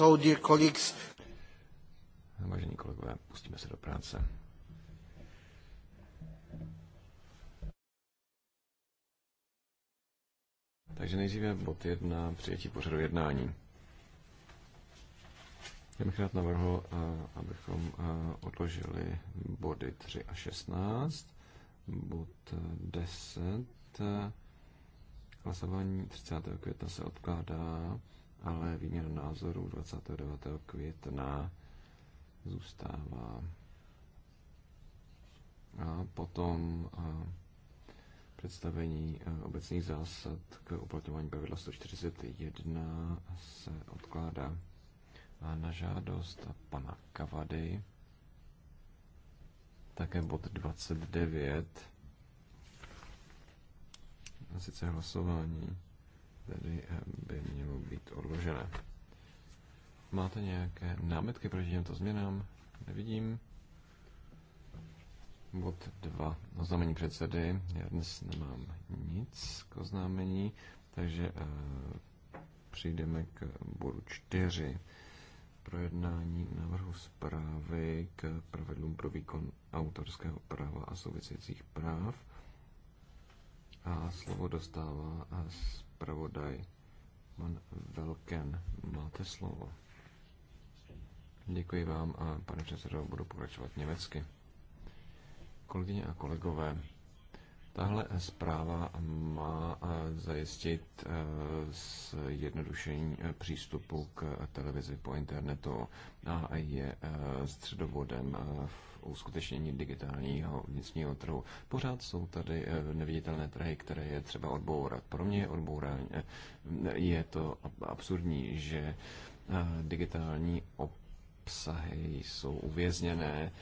So, dear colleagues. Vážení kolegové, pustíme se do práce. Takže nejdříve bod 1, přijetí pořadu jednání. Já bych rád navrhl, eh, abychom eh, odložili body 3 a 16, bod 10, eh, hlasování 30. května se odkládá ale výměna názorů 29. května zůstává. A potom představení obecných zásad k uplatňování pravidla 141 se odkládá a na žádost pana Kavady. Také bod 29, a sice hlasování tedy eh, by mělo být odložené. Máte nějaké námitky proti těmto změnám? Nevidím. Bod 2. Oznámení předsedy. Já dnes nemám nic k oznámení, takže e, přijdeme k bodu 4. Projednání návrhu zprávy k pravidlům pro výkon autorského práva a souvisejících práv. A slovo dostává z eh, zpravodaj Man Velken. Máte slovo. Děkuji vám a pane předsedo, budu pokračovat německy. Kolegyně a kolegové, Tahle zpráva má eh, zajistit eh, zjednodušení eh, přístupu k televizi po internetu a je středovodem v uskutečnění digitálního vnitřního trhu. Pořád jsou tady neviditelné trhy, které je třeba odbourat. Pro mě je odbourání, je to absurdní, že digitální obsahy jsou uvězněné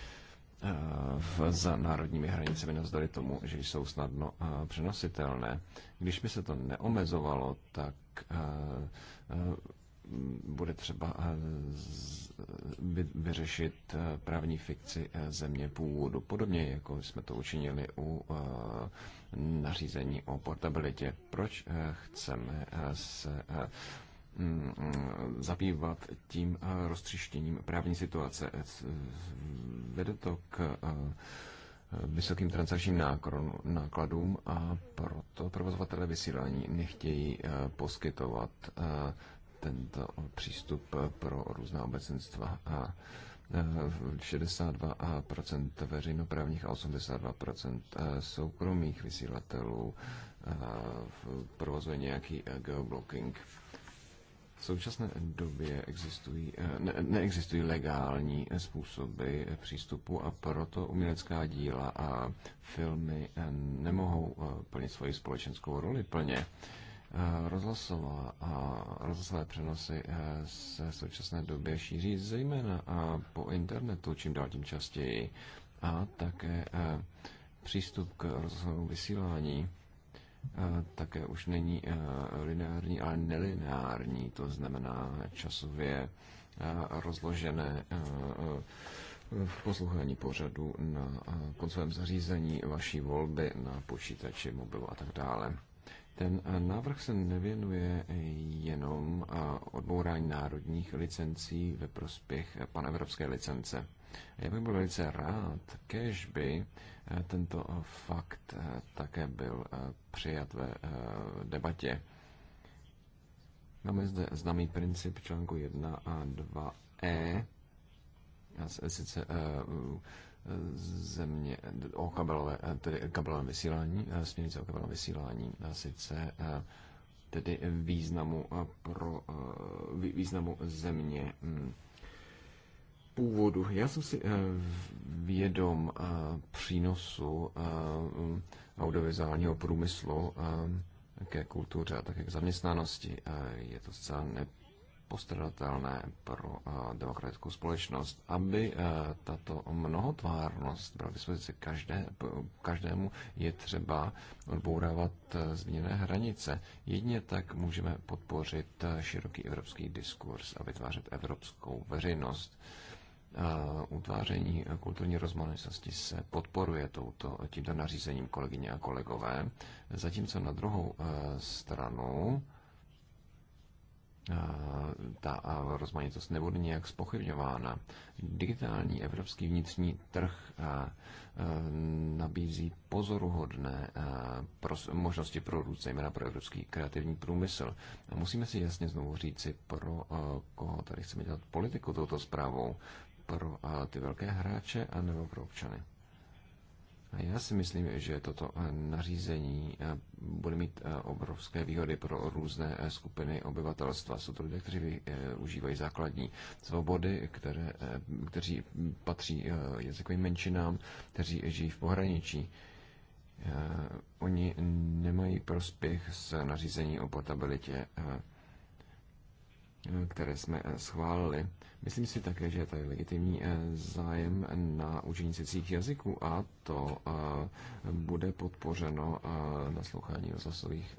v za národními hranicemi navzdory tomu, že jsou snadno přenositelné. Když by se to neomezovalo, tak bude třeba vyřešit právní fikci e, země původu, podobně jako jsme to učinili u nařízení o portabilitě. Proč e, chceme e, se Mm, zabývat tím eh, roztřištěním právní situace. Vede to k eh, vysokým transakčním nákladům a proto provozovatele vysílání nechtějí eh, poskytovat tento přístup pro různá obecenstva a 62% veřejnoprávních a 82% soukromých vysílatelů provozuje nějaký geoblocking. V současné době existují, eh, ne, neexistují legální způsoby přístupu a proto umělecká díla a filmy eh, nemohou eh, plnit svoji společenskou roli plně. Rozhlasová a rozhlasové přenosy se v současné době šíří zejména po internetu čím dál tím častěji a také přístup k rozhlasovému vysílání také už není e, lineární, ale nelineární, to znamená časově e, rozložené e, v poslouchání pořadu na koncovém zařízení vaší volby na počítači, mobilu a tak dále. Ten návrh se nevěnuje jenom odbourání národních licencí ve prospěch panevropské licence. Já bych byl velice rád, kež by eh, tento fakt eh, také byl eh, přijat ve debatě. Máme zde známý princip článku 1 a 2e, a sice země o kabelové, tedy kabelové vysílání, směrnice o kabelové vysílání, a sice tedy významu pro významu země hm, původu. Já jsem si eh, vědom eh, přínosu eh, audiovizuálního průmyslu ke kultuře a také k zaměstnanosti. Je to zcela nepostradatelné pro demokratickou společnost, aby tato mnohotvárnost byla k dispozici každé, každému, je třeba odbourávat změněné hranice. Jedině tak můžeme podpořit široký evropský diskurs a vytvářet evropskou veřejnost utváření kulturní rozmanitosti se podporuje touto, tímto nařízením kolegyně a kolegové, zatímco na druhou eh, stranu eh, ta eh, rozmanitost nebude nějak spochybňována. Digitální evropský vnitřní trh nabízí pozoruhodné možnosti pro růst, zejména pro evropský kreativní průmysl. Musíme si jasně znovu říci, pro koho tady chceme dělat politiku touto zprávou pro ty velké hráče a nebo pro občany. A já si myslím, že toto eh, nařízení eh, bude mít eh, obrovské výhody pro různé skupiny obyvatelstva. Jsou to lidé, kteří užívají základní svobody, které, kteří patří jazykovým menšinám, kteří žijí v pohraničí. Oni nemají prospěch s nařízení o portabilitě které jsme eh, schválili. Myslím si také, že je tady legitimní eh, zájem na učení cizích jazyků a to eh, bude podpořeno naslouchání rozhlasových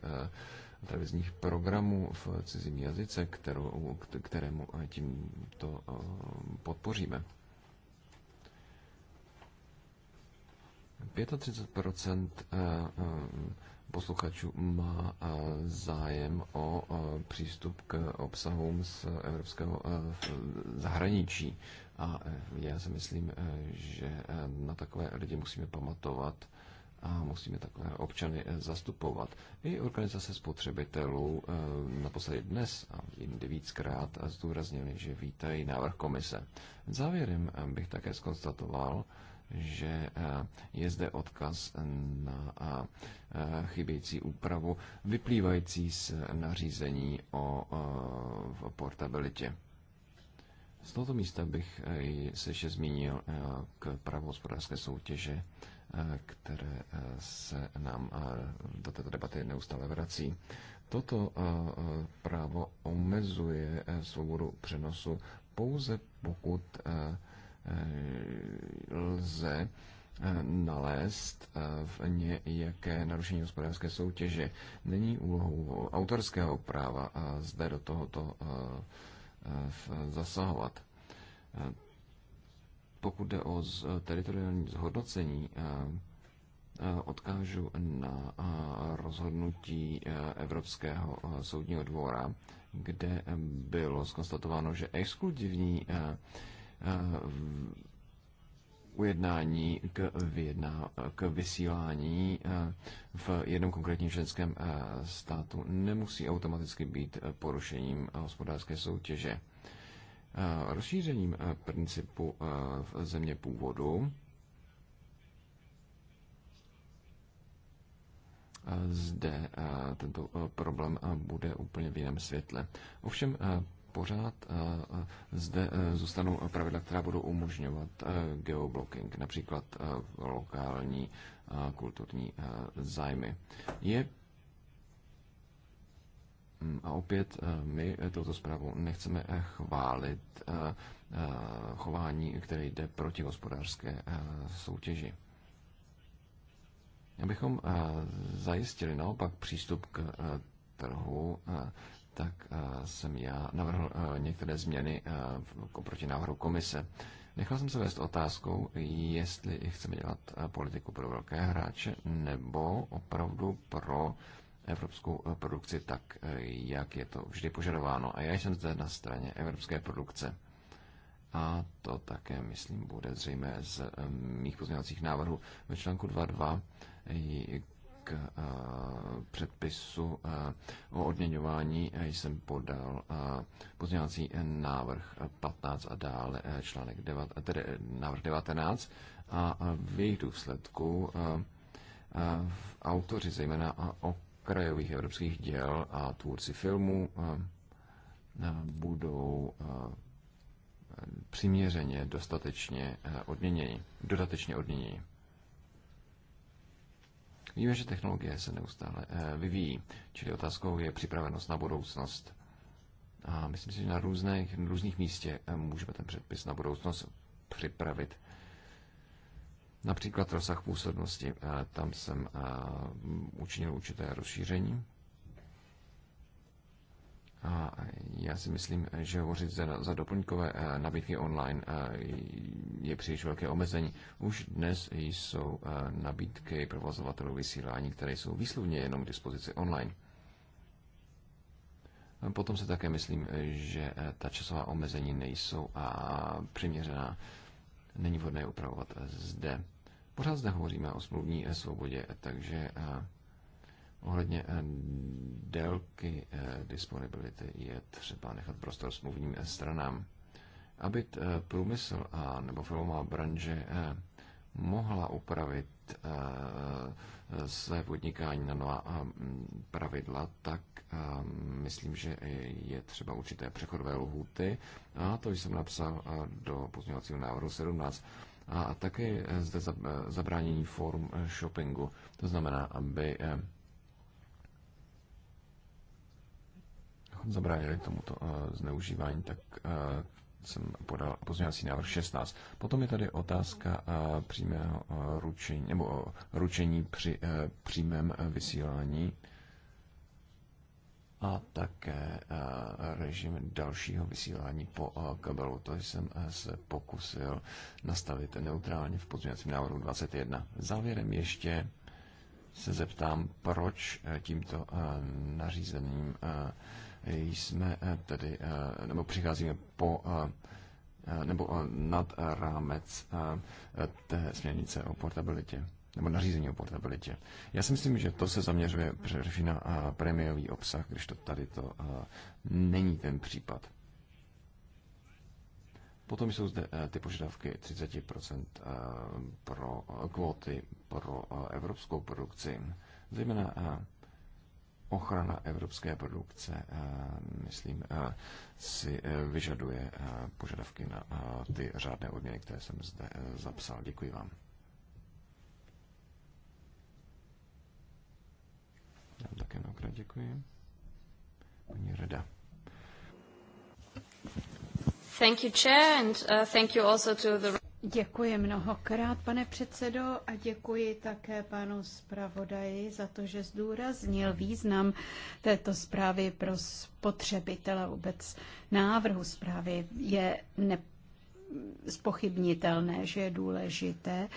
televizních programů v cizím jazyce, kterou, kterému tím to podpoříme. 35 posluchačů má eh, zájem o eh, přístup k obsahům z evropského eh, zahraničí. A já si myslím, že na takové lidi musíme pamatovat a musíme takové občany zastupovat. I organizace spotřebitelů naposledy dnes a jindy víckrát zdůraznili, že vítají návrh komise. Závěrem bych také skonstatoval, že eh, je zde odkaz na eh, chybějící úpravu vyplývající z nařízení o eh, portabilitě. Z tohoto místa bych se ještě zmínil k právu hospodářské soutěže, které se nám do této debaty neustále vrací. Toto právo omezuje svobodu přenosu pouze pokud Eh, lze eh, nalézt eh, v nějaké narušení hospodářské soutěže. Není úlohou autorského práva zde do tohoto zasahovat. Pokud jde o teritoriální zhodnocení, odkážu na rozhodnutí Evropského soudního dvora, kde bylo skonstatováno, že exkluzivní Eh, ujednání k, vyjedná, k vysílání eh, v jednom konkrétním ženském eh, státu nemusí automaticky být porušením hospodářské soutěže. Rozšířením principu v země původu zde tento problém bude úplně v jiném světle. Ovšem pořád zde e, zůstanou pravidla, která budou umožňovat e, geoblocking, například e, lokální kulturní zájmy. Je mm, a opět my touto zprávou nechceme chválit chování, které jde proti hospodářské soutěži. Abychom zajistili naopak přístup k trhu tak eh, jsem já navrhl eh, některé změny eh, proti návrhu komise. Nechal jsem se vést otázkou, jestli chceme dělat politiku pro velké hráče nebo opravdu pro evropskou produkci tak, jak je to vždy požadováno. A já jsem zde na straně evropské produkce. A to také, myslím, bude zřejmé z mých pozměňovacích návrhů. Ve článku 2.2 k eh, předpisu eh, o odměňování jsem podal eh, pozměňovací návrh 15 a dále článek 9, tedy návrh 19 a v jejich důsledku autoři zejména okrajových evropských děl a tvůrci filmů budou přiměřeně dostatečně odměněni, dodatečně odměněni. Víme, že technologie se neustále eh, vyvíjí, čili otázkou je připravenost na budoucnost. A myslím si, že na různých, na různých místě eh, můžeme ten předpis na budoucnost připravit. Například rozsah působnosti, eh, tam jsem učinil určité rozšíření a já si myslím, že hovořit za, za doplňkové eh, nabídky online eh, je příliš velké omezení. Už dnes jsou eh, nabídky provozovatelů vysílání, které jsou výslovně jenom k dispozici online. Potom se také myslím, že ta časová omezení nejsou a přiměřená není vhodné upravovat zde. Pořád zde hovoříme o smluvní svobodě, takže Ohledně eh, délky eh, disponibility je třeba nechat prostor smluvním eh, stranám. Aby průmysl a nebo filmová branže mohla upravit své podnikání na nová pravidla, tak myslím, že je třeba určité přechodové lhuty a to jsem napsal do pozměňovacího návrhu 17 a také zde zabránění form shoppingu. To znamená, aby zabránili tomuto eh, zneužívání, tak eh, jsem podal pozměňovací návrh 16. Potom je tady otázka eh, přímého ručení, nebo ručení při přímém vysílání a také režim dalšího vysílání po kabelu. To jsem se pokusil nastavit neutrálně v pozměňovacím návrhu 21. Závěrem ještě se zeptám, proč tímto nařízením jsme eh, tedy, eh, nebo přicházíme po eh, nebo nad rámec té směrnice o portabilitě nebo nařízení o portabilitě. Já si myslím, že to se zaměřuje především na prémiový obsah, když to tady to není ten případ. Potom jsou zde ty požadavky 30% pro kvóty pro evropskou produkci, zejména ochrana evropské produkce, eh, myslím, eh, si eh, vyžaduje požadavky na ty řádné odměny, které jsem zde zapsal. Děkuji vám. Já také mnohokrát děkuji. Paní Reda. Thank you, Chair, and uh, thank you also to the... Děkuji mnohokrát, pane předsedo, a děkuji také panu zpravodaji za to, že zdůraznil význam této zprávy pro spotřebitele. Vůbec návrhu zprávy je ne spochybnitelné, že je důležité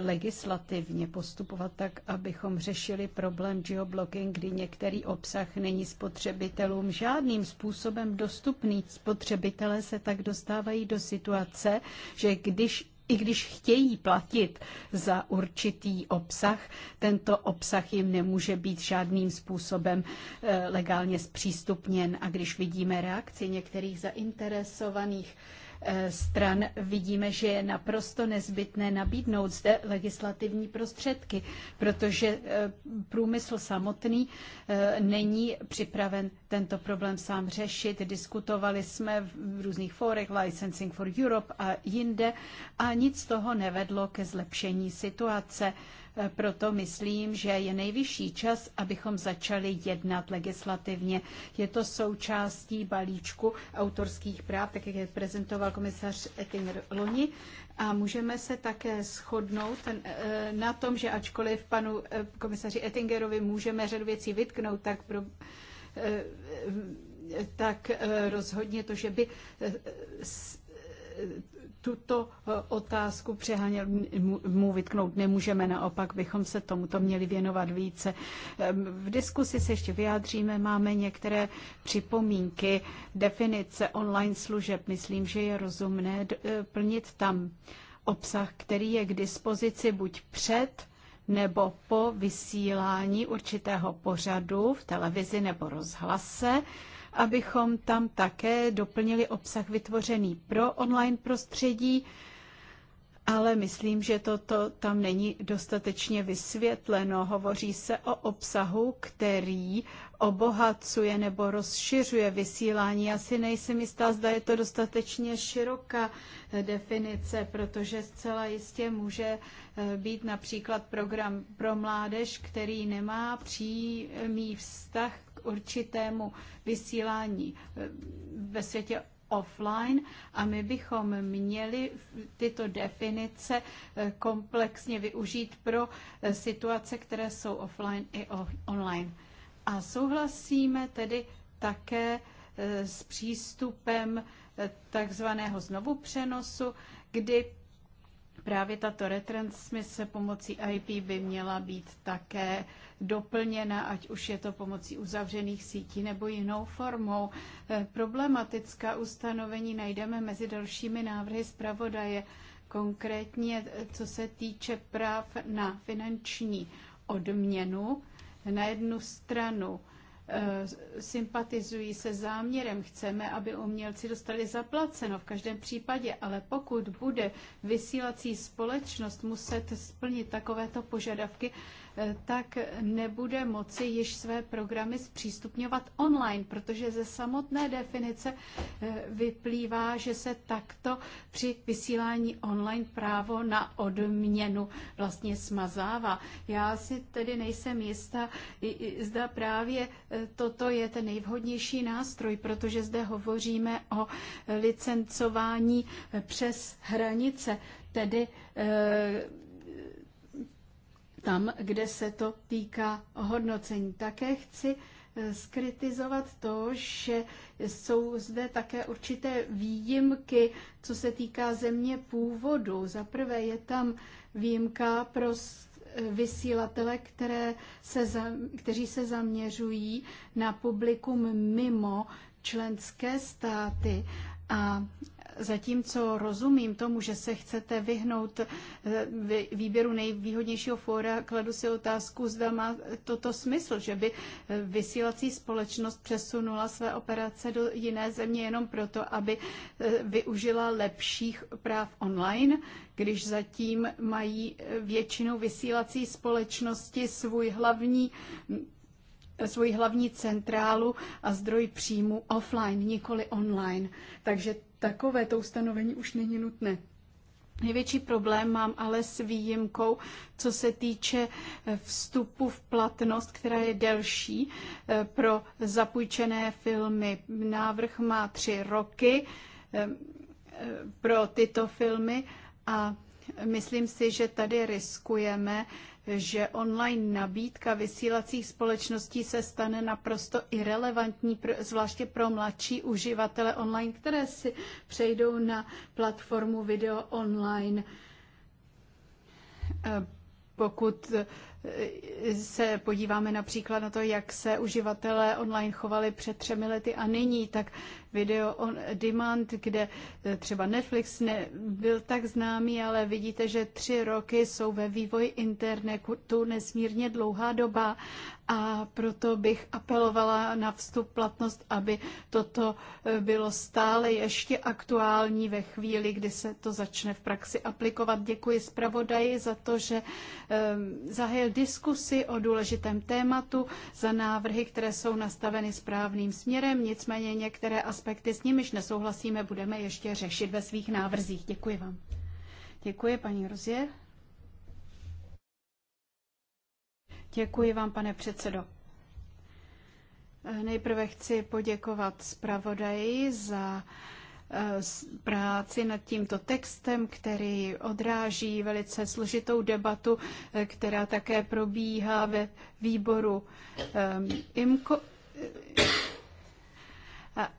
legislativně postupovat tak, abychom řešili problém geoblocking, kdy některý obsah není spotřebitelům žádným způsobem dostupný. Spotřebitelé se tak dostávají do situace, že když i když chtějí platit za určitý obsah, tento obsah jim nemůže být žádným způsobem eh, legálně zpřístupněn. A když vidíme reakci některých zainteresovaných, Eh, stran vidíme, že je naprosto nezbytné nabídnout zde legislativní prostředky, protože eh, průmysl samotný eh, není připraven tento problém sám řešit. Diskutovali jsme v různých fórech Licensing for Europe a jinde a nic z toho nevedlo ke zlepšení situace. Proto myslím, že je nejvyšší čas, abychom začali jednat legislativně. Je to součástí balíčku autorských práv, tak jak je prezentoval komisař Ettinger Loni. A můžeme se také shodnout eh, na tom, že ačkoliv panu eh, komisaři Ettingerovi můžeme řadu věcí vytknout, tak pro eh, tak rozhodně to, že by tuto eh, otázku přehánět, mu vytknout nemůžeme, naopak bychom se tomuto měli věnovat více. V diskusi se ještě vyjádříme, máme některé připomínky, definice online služeb. Myslím, že je rozumné eh, plnit tam obsah, který je k dispozici buď před nebo po vysílání určitého pořadu v televizi nebo rozhlase abychom tam také doplnili obsah vytvořený pro online prostředí, ale myslím, že toto tam není dostatečně vysvětleno. Hovoří se o obsahu, který obohacuje nebo rozšiřuje vysílání. Já si nejsem jistá, zda je to dostatečně široká eh, definice, protože zcela jistě může eh, být například program pro mládež, který nemá přímý vztah k určitému vysílání eh, ve světě offline a my bychom měli tyto definice komplexně využít pro situace, které jsou offline i online. A souhlasíme tedy také e, s přístupem e, takzvaného znovu přenosu, kdy právě tato retransmise pomocí IP by měla být také doplněna, ať už je to pomocí uzavřených sítí nebo jinou formou. E, problematická ustanovení najdeme mezi dalšími návrhy zpravodaje, konkrétně co se týče práv na finanční odměnu na jednu stranu eh, sympatizují se záměrem, chceme, aby umělci dostali zaplaceno v každém případě, ale pokud bude vysílací společnost muset splnit takovéto požadavky, tak nebude moci již své programy zpřístupňovat online, protože ze samotné definice eh, vyplývá, že se takto při vysílání online právo na odměnu vlastně smazává. Já si tedy nejsem jistá, zda právě eh, toto je ten nejvhodnější nástroj, protože zde hovoříme o licencování eh, přes hranice, tedy tam, kde se to týká hodnocení. Také chci eh, skritizovat to, že jsou zde také určité výjimky, co se týká země původu. Za prvé je tam výjimka pro vysílatele, které se za, kteří se zaměřují na publikum mimo členské státy. A Zatímco rozumím tomu, že se chcete vyhnout eh, výběru nejvýhodnějšího fóra, kladu si otázku, zda má toto smysl, že by eh, vysílací společnost přesunula své operace do jiné země jenom proto, aby eh, využila lepších práv online, když zatím mají většinou vysílací společnosti svůj hlavní svoji hlavní centrálu a zdroj příjmu offline, nikoli online. Takže takovéto ustanovení už není nutné. Největší problém mám ale s výjimkou, co se týče eh, vstupu v platnost, která je delší eh, pro zapůjčené filmy. Návrh má tři roky eh, pro tyto filmy a myslím si, že tady riskujeme, že online nabídka vysílacích společností se stane naprosto irrelevantní, zvláště pro mladší uživatele online, které si přejdou na platformu video online. E, pokud se podíváme například na to, jak se uživatelé online chovali před třemi lety a nyní, tak video on demand, kde eh, třeba Netflix nebyl tak známý, ale vidíte, že tři roky jsou ve vývoji internetu nesmírně dlouhá doba a proto bych apelovala na vstup platnost, aby toto eh, bylo stále ještě aktuální ve chvíli, kdy se to začne v praxi aplikovat. Děkuji zpravodaji za to, že eh, zahájil diskusi o důležitém tématu za návrhy, které jsou nastaveny správným směrem. Nicméně některé aspekty, s nimiž nesouhlasíme, budeme ještě řešit ve svých návrzích. Děkuji vám. Děkuji, paní Rozier. Děkuji vám, pane předsedo. Nejprve chci poděkovat zpravodaji za Eh, práci nad tímto textem, který odráží velice složitou debatu, eh, která také probíhá ve výboru eh, IMCO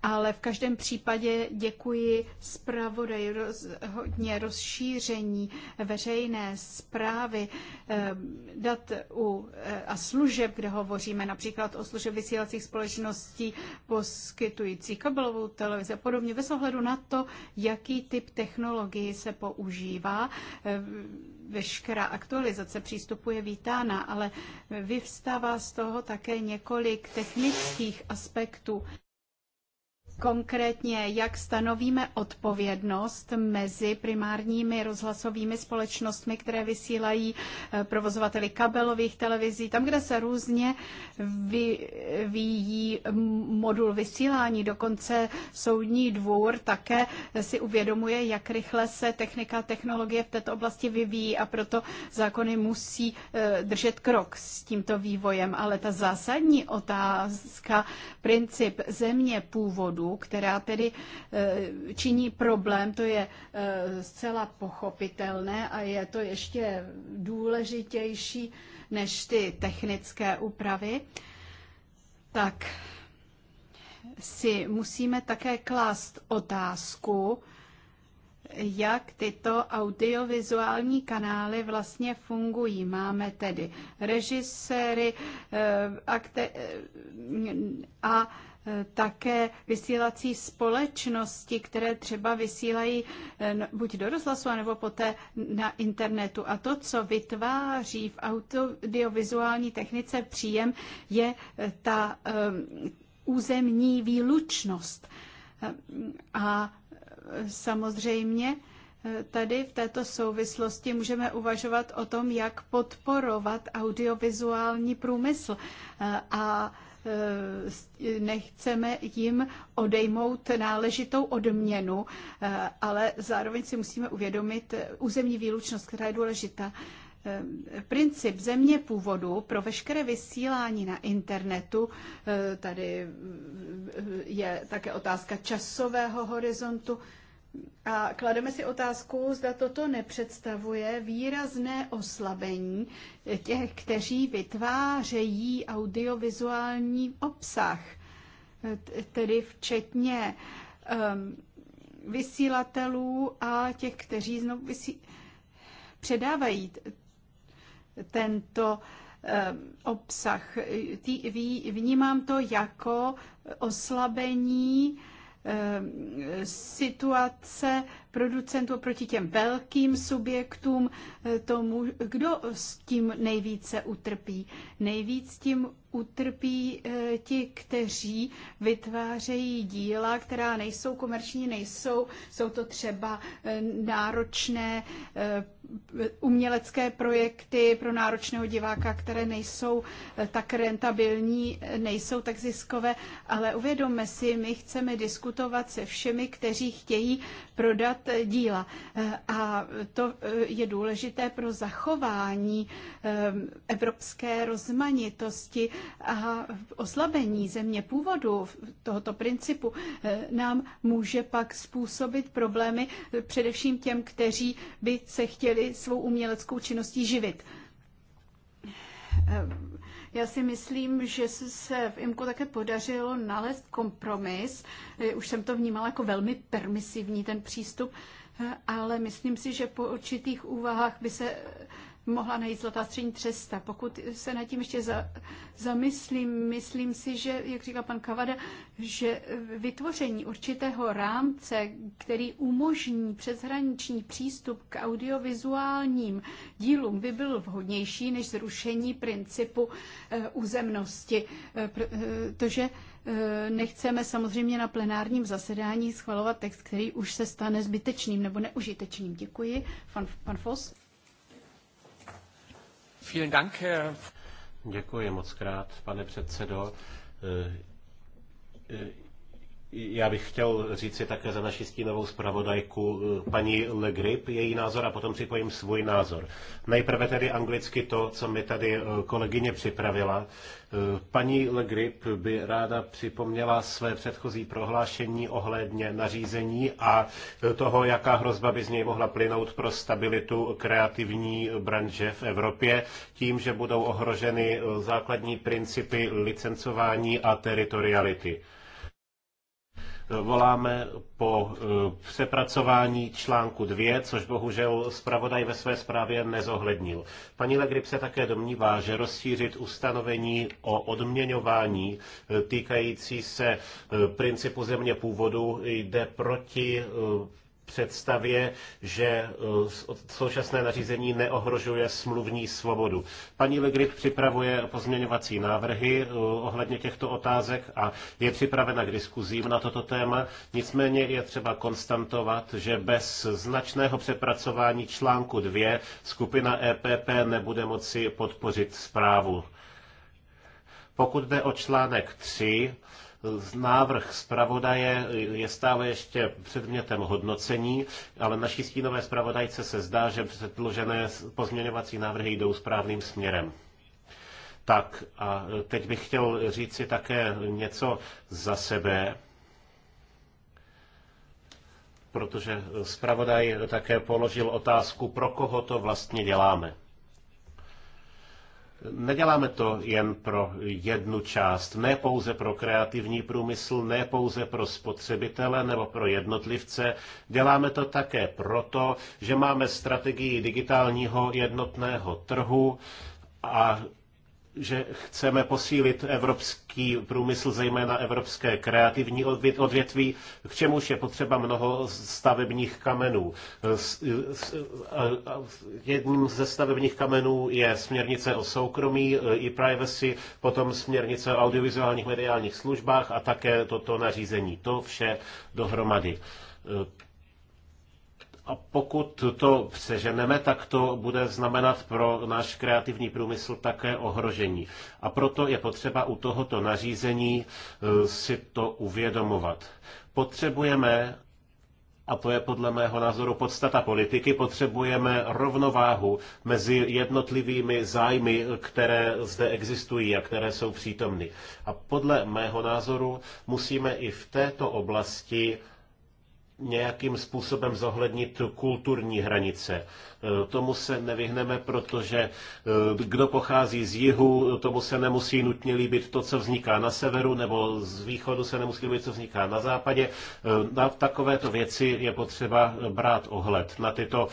ale v každém případě děkuji roz, hodně rozšíření veřejné zprávy ehm, dat u, eh, a služeb, kde hovoříme například o služeb vysílacích společností poskytující kabelovou televizi a podobně, bez ohledu na to, jaký typ technologie se používá. Ehm, veškerá aktualizace přístupu je vítána, ale vyvstává z toho také několik technických aspektů. Konkrétně, jak stanovíme odpovědnost mezi primárními rozhlasovými společnostmi, které vysílají eh, provozovateli kabelových televizí, tam, kde se různě vyvíjí modul vysílání. Dokonce soudní dvůr také si uvědomuje, jak rychle se technika a technologie v této oblasti vyvíjí a proto zákony musí eh, držet krok s tímto vývojem. Ale ta zásadní otázka, princip země původu, která tedy e, činí problém, to je e, zcela pochopitelné a je to ještě důležitější než ty technické úpravy, tak si musíme také klást otázku, jak tyto audiovizuální kanály vlastně fungují. Máme tedy režiséry e, a také vysílací společnosti, které třeba vysílají eh, no, buď do rozhlasu, nebo poté na internetu. A to, co vytváří v audiovizuální technice příjem, je eh, ta eh, územní výlučnost. A samozřejmě tady v této souvislosti můžeme uvažovat o tom, jak podporovat audiovizuální průmysl. A Eh, nechceme jim odejmout náležitou odměnu, eh, ale zároveň si musíme uvědomit eh, územní výlučnost, která je důležitá princip země původu pro veškeré vysílání na internetu, tady je také otázka časového horizontu, a klademe si otázku, zda toto nepředstavuje výrazné oslabení těch, kteří vytvářejí audiovizuální obsah, tedy včetně um, vysílatelů a těch, kteří znovu vysí... předávají tento ehm, obsah. Vnímám to jako oslabení Eh, situace producentů oproti těm velkým subjektům, eh, tomu, kdo s tím nejvíce utrpí. Nejvíc tím utrpí eh, ti, kteří vytvářejí díla, která nejsou komerční, nejsou, jsou to třeba eh, náročné umělecké projekty pro náročného diváka, které nejsou tak rentabilní, nejsou tak ziskové, ale uvědomme si, my chceme diskutovat se všemi, kteří chtějí prodat Eh, díla. Eh, a to eh, je důležité pro zachování evropské rozmanitosti a oslabení země původu tohoto principu nám může pak způsobit problémy především těm, kteří by se chtěli svou uměleckou činností živit já si myslím, že se v IMKU také podařilo nalézt kompromis. Eh, už jsem to vnímala jako velmi permisivní ten přístup, eh, ale myslím si, že po určitých úvahách by se mohla najít zlatá střední cesta. Pokud se nad tím ještě za, zamyslím, myslím si, že, jak říkal pan Kavada, že vytvoření určitého rámce, který umožní přeshraniční přístup k audiovizuálním dílům, by byl vhodnější než zrušení principu územnosti. Eh, eh, Protože eh, nechceme samozřejmě na plenárním zasedání schvalovat text, který už se stane zbytečným nebo neužitečným. Děkuji. Pan, pan Fos? Vielen Dank. Děkuji moc krát, pane předsedo. Eh, eh, já bych chtěl říct si také za naši stínovou zpravodajku eh, paní Le Grip její názor a potom připojím svůj názor. Nejprve tedy anglicky to, co mi tady eh, kolegyně připravila. Eh, paní Le Grip by ráda připomněla své předchozí prohlášení ohledně nařízení a toho, jaká hrozba by z něj mohla plynout pro stabilitu kreativní branže v Evropě, tím, že budou ohroženy základní principy licencování a teritoriality voláme po e, přepracování článku 2, což bohužel zpravodaj ve své zprávě nezohlednil. Paní Legrip se také domnívá, že rozšířit ustanovení o odměňování e, týkající se e, principu země původu jde proti představě, že eh, současné nařízení neohrožuje smluvní svobodu. Paní Legrip připravuje pozměňovací návrhy eh, ohledně těchto otázek a je připravena k diskuzím na toto téma. Nicméně je třeba konstantovat, že bez značného přepracování článku 2 skupina EPP nebude moci podpořit zprávu. Pokud jde o článek 3, Návrh zpravodaje je stále ještě předmětem hodnocení, ale naší stínové zpravodajce se zdá, že předložené pozměňovací návrhy jdou správným směrem. Tak a teď bych chtěl říct si také něco za sebe protože zpravodaj také položil otázku, pro koho to vlastně děláme. Neděláme to jen pro jednu část, ne pouze pro kreativní průmysl, ne pouze pro spotřebitele nebo pro jednotlivce. Děláme to také proto, že máme strategii digitálního jednotného trhu a že chceme posílit evropský průmysl, zejména evropské kreativní odvětví, k čemuž je potřeba mnoho stavebních kamenů. Jedním ze stavebních kamenů je směrnice o soukromí i privacy, potom směrnice o audiovizuálních mediálních službách a také toto nařízení. To vše dohromady. A pokud to přeženeme, tak to bude znamenat pro náš kreativní průmysl také ohrožení. A proto je potřeba u tohoto nařízení e, si to uvědomovat. Potřebujeme a to je podle mého názoru podstata politiky, potřebujeme rovnováhu mezi jednotlivými zájmy, které zde existují a které jsou přítomny. A podle mého názoru musíme i v této oblasti nějakým způsobem zohlednit kulturní hranice. E, tomu se nevyhneme, protože e, kdo pochází z jihu, tomu se nemusí nutně líbit to, co vzniká na severu, nebo z východu se nemusí líbit, co vzniká na západě. E, na takovéto věci je potřeba brát ohled na tyto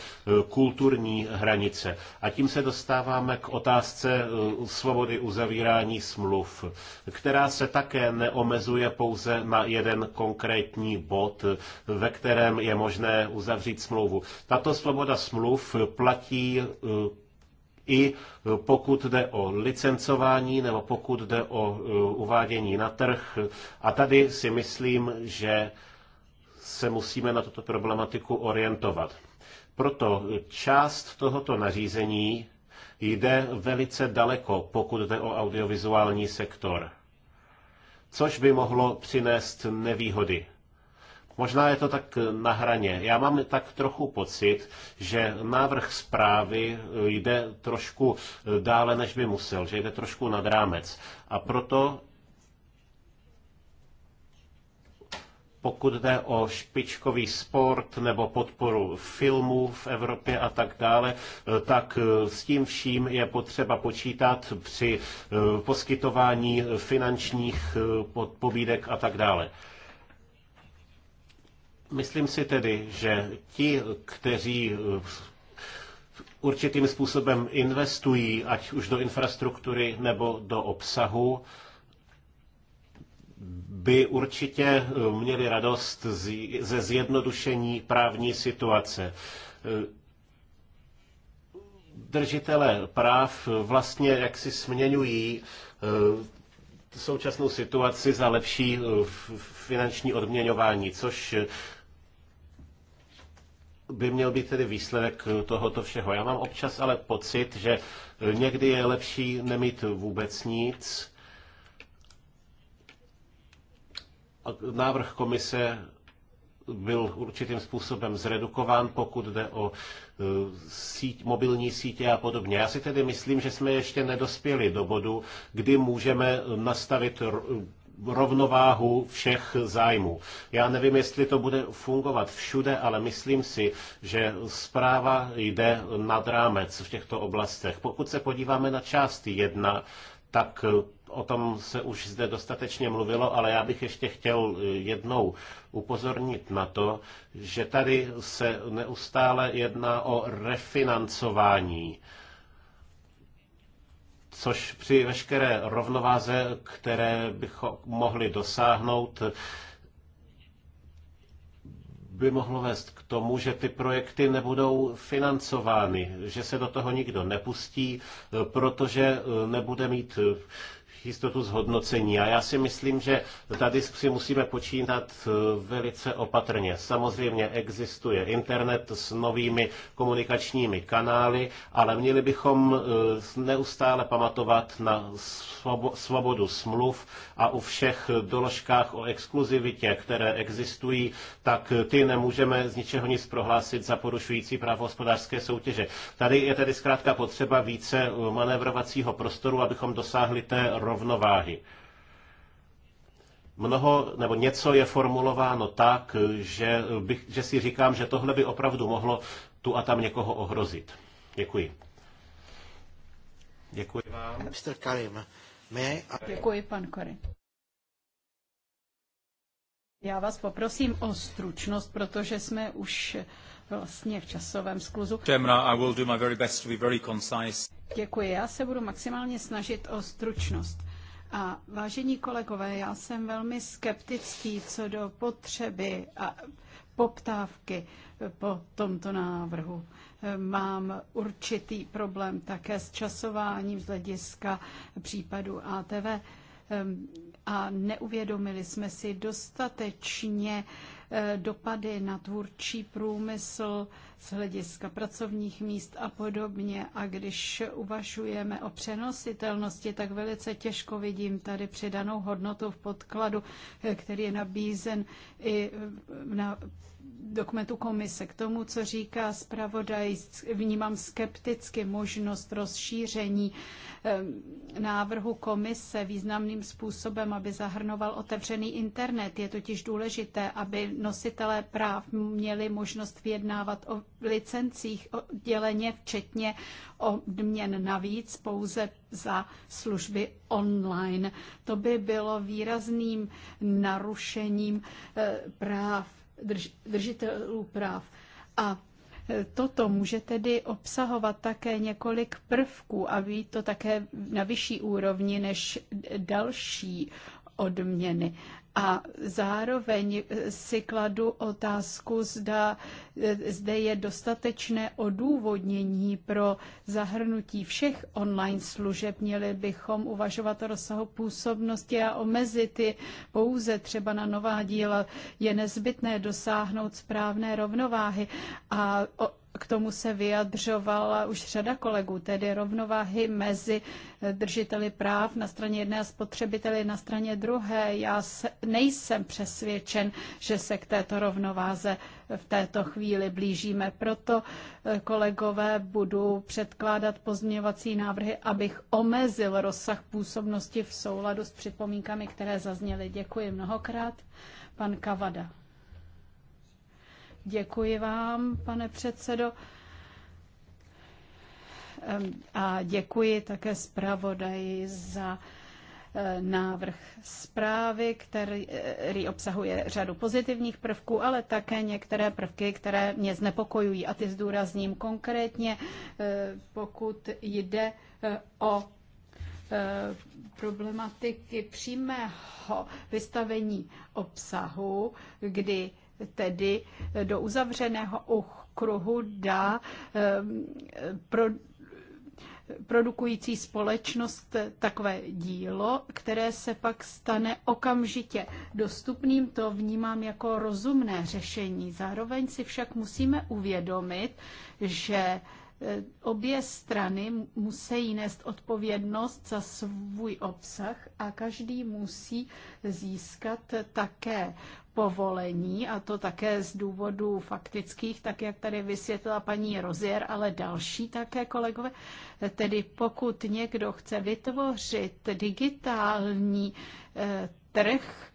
kulturní hranice. A tím se dostáváme k otázce svobody uzavírání smluv, která se také neomezuje pouze na jeden konkrétní bod, ve kterém je možné uzavřít smlouvu. Tato svoboda smluv platí eh, i pokud jde o licencování nebo pokud jde o eh, uvádění na trh. A tady si myslím, že se musíme na tuto problematiku orientovat. Proto část tohoto nařízení jde velice daleko, pokud jde o audiovizuální sektor, což by mohlo přinést nevýhody. Možná je to tak na hraně. Já mám tak trochu pocit, že návrh zprávy jde trošku dále, než by musel, že jde trošku nad rámec. A proto pokud jde o špičkový sport nebo podporu filmů v Evropě a tak dále, tak s tím vším je potřeba počítat při poskytování finančních pobídek a tak dále. Myslím si tedy, že ti, kteří eh, určitým způsobem investují, ať už do infrastruktury nebo do obsahu, by určitě eh, měli radost ze zjednodušení právní situace. Eh, držitele práv vlastně jaksi směňují současnou situaci za lepší finanční odměňování, což by měl být tedy výsledek tohoto všeho. Já mám občas ale pocit, že někdy je lepší nemít vůbec nic. Návrh komise byl určitým způsobem zredukován, pokud jde o e, síť, mobilní sítě a podobně. Já si tedy myslím, že jsme ještě nedospěli do bodu, kdy můžeme nastavit rovnováhu všech zájmů. Já nevím, jestli to bude fungovat všude, ale myslím si, že zpráva jde nad rámec v těchto oblastech. Pokud se podíváme na část 1, tak o tom se už zde dostatečně mluvilo, ale já bych ještě chtěl jednou upozornit na to, že tady se neustále jedná o refinancování což při veškeré rovnováze, které bychom mohli dosáhnout, by mohlo vést k tomu, že ty projekty nebudou financovány, že se do toho nikdo nepustí, protože nebude mít jistotu zhodnocení. A já si myslím, že tady si musíme počínat eh, velice opatrně. Samozřejmě existuje internet s novými komunikačními kanály, ale měli bychom eh, neustále pamatovat na svobodu smluv a u všech doložkách o exkluzivitě, které existují, tak ty nemůžeme z ničeho nic prohlásit za porušující právo hospodářské soutěže. Tady je tedy zkrátka potřeba více eh, manévrovacího prostoru, abychom dosáhli té rovnosti rovnováhy. Mnoho nebo něco je formulováno tak, že, bych, že si říkám, že tohle by opravdu mohlo tu a tam někoho ohrozit. Děkuji. Děkuji vám. Mr. Karim. Děkuji, pan Kory. Já vás poprosím o stručnost, protože jsme už vlastně v časovém skluzu. Děkuji, já se budu maximálně snažit o stručnost. A vážení kolegové, já jsem velmi skeptický co do potřeby a poptávky po tomto návrhu. Mám určitý problém také s časováním z hlediska případu ATV ehm, a neuvědomili jsme si dostatečně eh, dopady na tvůrčí průmysl, z hlediska pracovních míst a podobně. A když uvažujeme o přenositelnosti, tak velice těžko vidím tady přidanou hodnotu v podkladu, eh, který je nabízen i eh, na dokumentu komise. K tomu, co říká zpravodaj, vnímám skepticky možnost rozšíření eh, návrhu komise významným způsobem, aby zahrnoval otevřený internet. Je totiž důležité, aby nositelé práv měli možnost vyjednávat o licencích odděleně, včetně odměn navíc pouze za služby online. To by bylo výrazným narušením eh, práv drž, držitelů práv. A e, Toto může tedy obsahovat také několik prvků a být to také na vyšší úrovni než další odměny. A zároveň si kladu otázku, zda e, zde je dostatečné odůvodnění pro zahrnutí všech online služeb. Měli bychom uvažovat o rozsahu působnosti a omezit je pouze třeba na nová díla. Je nezbytné dosáhnout správné rovnováhy a k tomu se vyjadřovala už řada kolegů, tedy rovnováhy mezi držiteli práv na straně jedné a spotřebiteli na straně druhé. Já se, nejsem přesvědčen, že se k této rovnováze v této chvíli blížíme. Proto, eh, kolegové, budu předkládat pozměňovací návrhy, abych omezil rozsah působnosti v souladu s připomínkami, které zazněly. Děkuji mnohokrát. Pan Kavada. Děkuji vám, pane předsedo. A děkuji také zpravodaji za e, návrh zprávy, e, který obsahuje řadu pozitivních prvků, ale také některé prvky, které mě znepokojují. A ty zdůrazním konkrétně, e, pokud jde o problematiky přímého vystavení obsahu, kdy tedy do uzavřeného kruhu dá ehm, pro produkující společnost takové dílo, které se pak stane okamžitě dostupným, to vnímám jako rozumné řešení. Zároveň si však musíme uvědomit, že E, obě strany musí nést odpovědnost za svůj obsah a každý musí získat také povolení, a to také z důvodů faktických, tak jak tady vysvětlila paní Rozier, ale další také kolegové. E, tedy pokud někdo chce vytvořit digitální e, trh,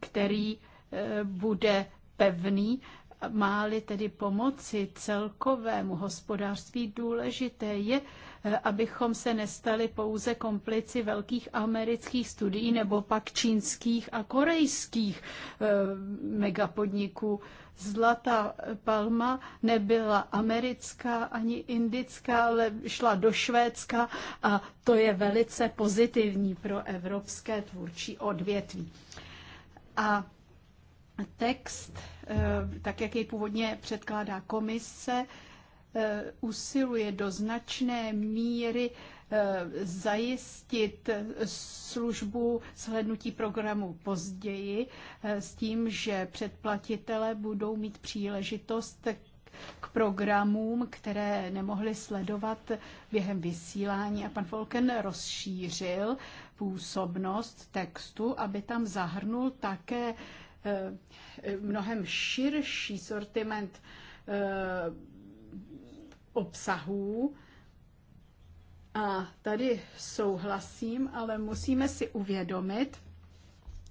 který bude pevný, Máli tedy pomoci celkovému hospodářství, důležité je, eh, abychom se nestali pouze komplici velkých amerických studií nebo pak čínských a korejských eh, megapodniků. Zlatá palma nebyla americká ani indická, ale šla do Švédska a to je velice pozitivní pro evropské tvůrčí odvětví. A Text, eh, tak jak jej původně předkládá komise, eh, usiluje do značné míry eh, zajistit službu shlednutí programu později s tím, že předplatitelé budou mít příležitost k programům, které nemohli sledovat během vysílání. A pan Volken rozšířil působnost textu, aby tam zahrnul také Eh, mnohem širší sortiment eh, obsahů. A tady souhlasím, ale musíme si uvědomit,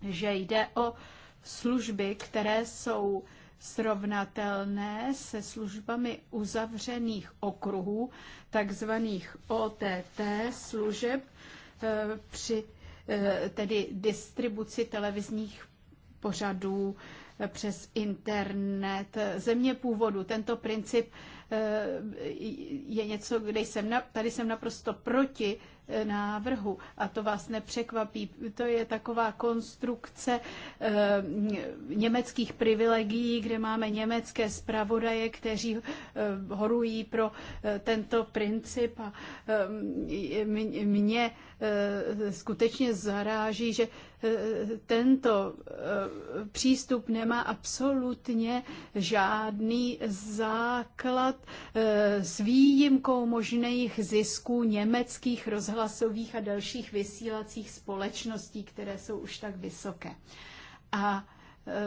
že jde o služby, které jsou srovnatelné se službami uzavřených okruhů, takzvaných OTT služeb eh, při tedy distribuci televizních pořadů eh, přes internet, eh, země původu. Tento princip eh, je něco, kde jsem, na, tady jsem naprosto proti návrhu a to vás nepřekvapí. To je taková konstrukce e, německých privilegií, kde máme německé zpravodaje, kteří e, horují pro e, tento princip a e, mě e, skutečně zaráží, že tento eh, přístup nemá absolutně žádný základ eh, s výjimkou možných zisků německých rozhlasových a dalších vysílacích společností, které jsou už tak vysoké. A eh,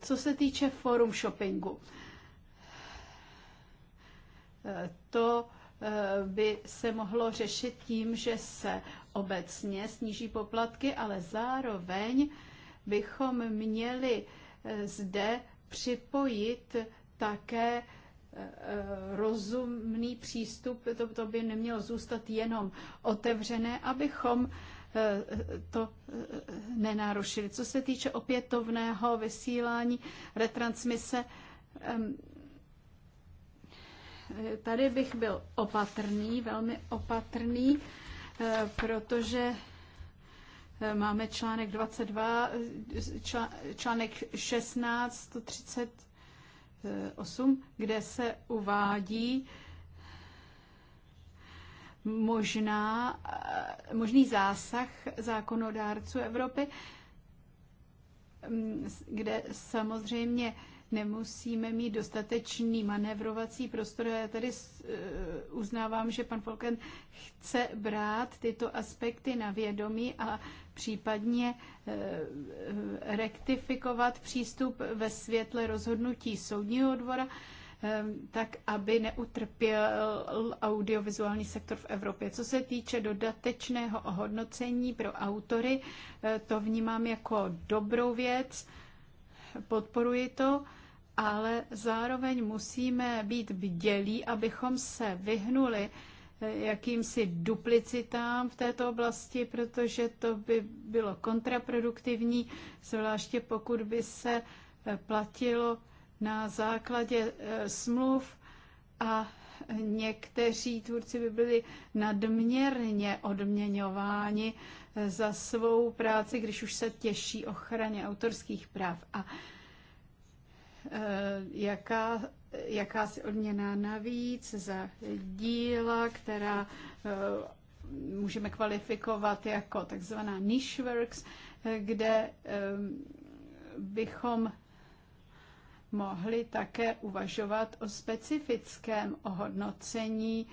co se týče forum shoppingu, to by se mohlo řešit tím, že se obecně sníží poplatky, ale zároveň bychom měli eh, zde připojit také eh, eh, rozumný přístup, to, to by nemělo zůstat jenom otevřené, abychom to nenárušili. Co se týče opětovného vysílání, retransmise, tady bych byl opatrný, velmi opatrný. Eh, protože eh, máme článek 22, článek 16, 138, kde se uvádí možná, eh, možný zásah zákonodárců Evropy, mm, kde samozřejmě nemusíme mít dostatečný manévrovací prostor. Já tady eh, uznávám, že pan Folken chce brát tyto aspekty na vědomí a případně eh, rektifikovat přístup ve světle rozhodnutí soudního dvora eh, tak aby neutrpěl audiovizuální sektor v Evropě. Co se týče dodatečného ohodnocení pro autory, to vnímám jako dobrou věc podporuji to, ale zároveň musíme být bdělí, abychom se vyhnuli eh, jakýmsi duplicitám v této oblasti, protože to by bylo kontraproduktivní, zvláště pokud by se eh, platilo na základě eh, smluv a někteří tvůrci by byli nadměrně odměňováni za svou práci, když už se těší ochraně autorských práv. A e, jaká, jakási odměna navíc za díla, která e, můžeme kvalifikovat jako takzvaná niche works, e, kde bychom mohli také uvažovat o specifickém ohodnocení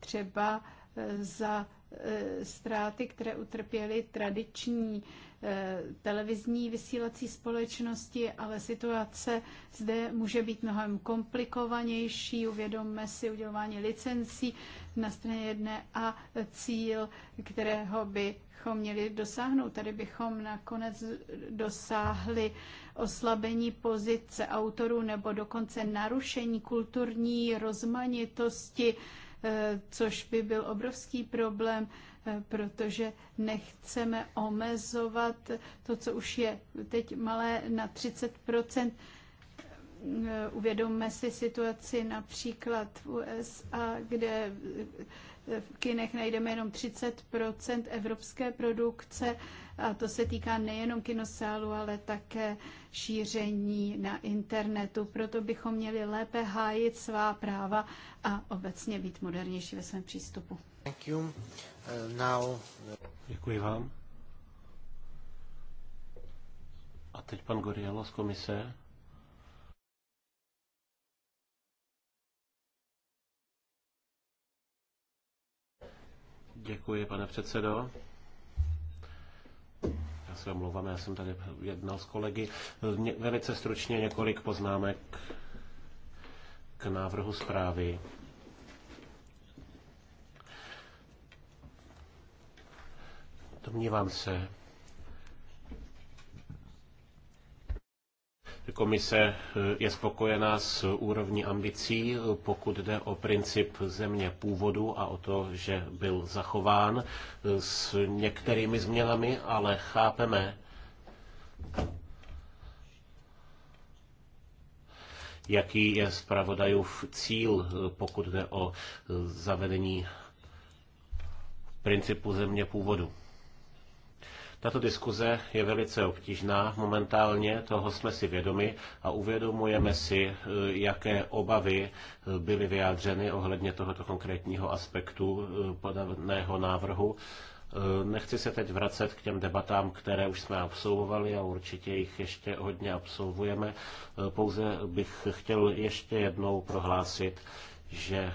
třeba e, za e, ztráty, které utrpěly tradiční e, televizní vysílací společnosti, ale situace zde může být mnohem komplikovanější. Uvědomme si udělování licencí na straně jedné a cíl, kterého by bychom měli dosáhnout. Tady bychom nakonec dosáhli oslabení pozice autorů nebo dokonce narušení kulturní rozmanitosti, eh, což by byl obrovský problém, eh, protože nechceme omezovat to, co už je teď malé na 30 eh, Uvědomme si situaci například v USA, kde v kinech najdeme jenom 30 evropské produkce a to se týká nejenom kinosálu, ale také šíření na internetu. Proto bychom měli lépe hájit svá práva a obecně být modernější ve svém přístupu. Thank you. Uh, now... Děkuji vám. A teď pan Gorielo z komise. Děkuji, pane předsedo. Já se omlouvám, já jsem tady jednal s kolegy. velice stručně několik poznámek k návrhu zprávy. Domnívám se, Komise eh, je spokojená s úrovní ambicí, pokud jde o princip země původu a o to, že byl zachován eh, s některými změnami, ale chápeme, jaký je zpravodajův cíl, eh, pokud jde o zavedení principu země původu. Tato diskuze je velice obtížná momentálně, toho jsme si vědomi a uvědomujeme si, e, jaké obavy e, byly vyjádřeny ohledně tohoto konkrétního aspektu e, podaného návrhu. Nechci se teď vracet k těm debatám, které už jsme absolvovali a určitě jich ještě hodně absolvujeme. Pouze bych chtěl ještě jednou prohlásit, že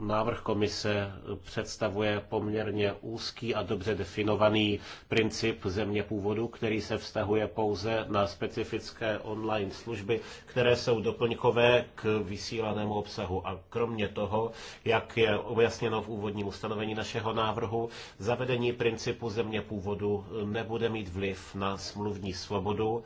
návrh komise představuje poměrně úzký a dobře definovaný princip země původu, který se vztahuje pouze na specifické online služby, které jsou doplňkové k vysílanému obsahu. A kromě toho, jak je objasněno v úvodním ustanovení našeho návrhu, zavedení principu země původu nebude mít vliv na smluvní svobodu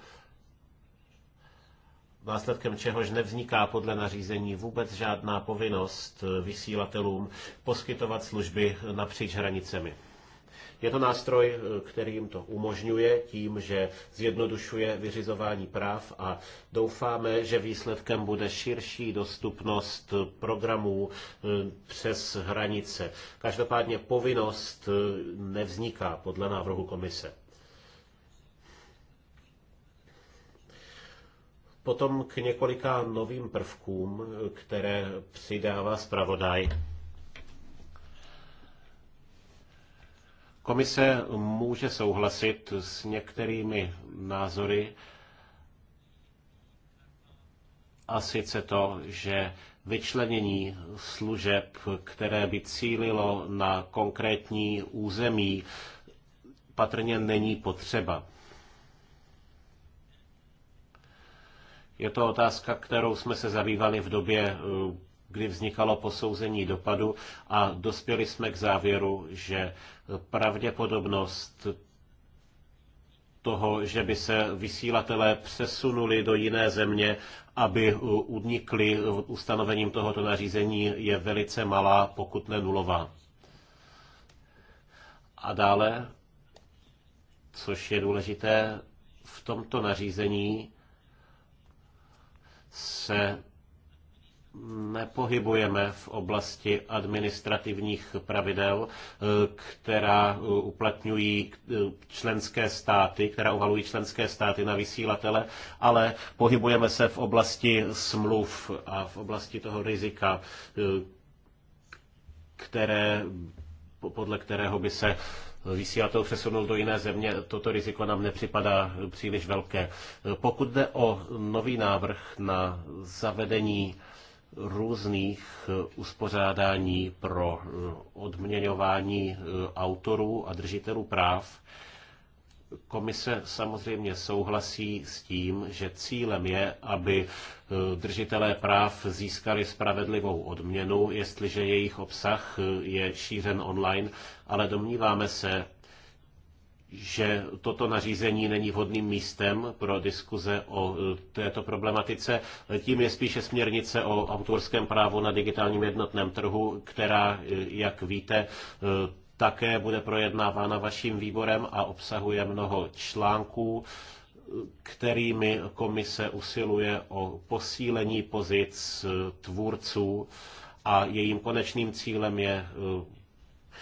následkem čehož nevzniká podle nařízení vůbec žádná povinnost vysílatelům poskytovat služby napříč hranicemi. Je to nástroj, který jim to umožňuje tím, že zjednodušuje vyřizování práv a doufáme, že výsledkem bude širší dostupnost programů eh, přes hranice. Každopádně povinnost eh, nevzniká podle návrhu komise. Potom k několika novým prvkům, které přidává zpravodaj. Komise může souhlasit s některými názory, a sice to, že vyčlenění služeb, které by cílilo na konkrétní území, patrně není potřeba. Je to otázka, kterou jsme se zabývali v době, eh, kdy vznikalo posouzení dopadu a dospěli jsme k závěru, že eh, pravděpodobnost toho, že by se vysílatelé přesunuli do jiné země, aby eh, unikli ustanovením tohoto nařízení, je velice malá, pokud ne nulová. A dále, což je důležité, v tomto nařízení se nepohybujeme v oblasti administrativních pravidel, eh, která eh, uplatňují eh, členské státy, která uvalují členské státy na vysílatele, ale pohybujeme se v oblasti smluv a v oblasti toho rizika, které, podle kterého by se vysílatel přesunul do jiné země, toto riziko nám nepřipadá příliš velké. Pokud jde o nový návrh na zavedení různých uspořádání pro odměňování eh, autorů a držitelů práv, Komise samozřejmě souhlasí s tím, že cílem je, aby eh, držitelé práv získali spravedlivou odměnu, jestliže jejich obsah eh, je šířen online, ale domníváme se, že toto nařízení není vhodným místem pro diskuze o eh, této problematice. Tím je spíše směrnice o autorském právu na digitálním jednotném trhu, která, jak víte, také bude projednávána vaším výborem a obsahuje mnoho článků, kterými komise usiluje o posílení pozic tvůrců a jejím konečným cílem je eh,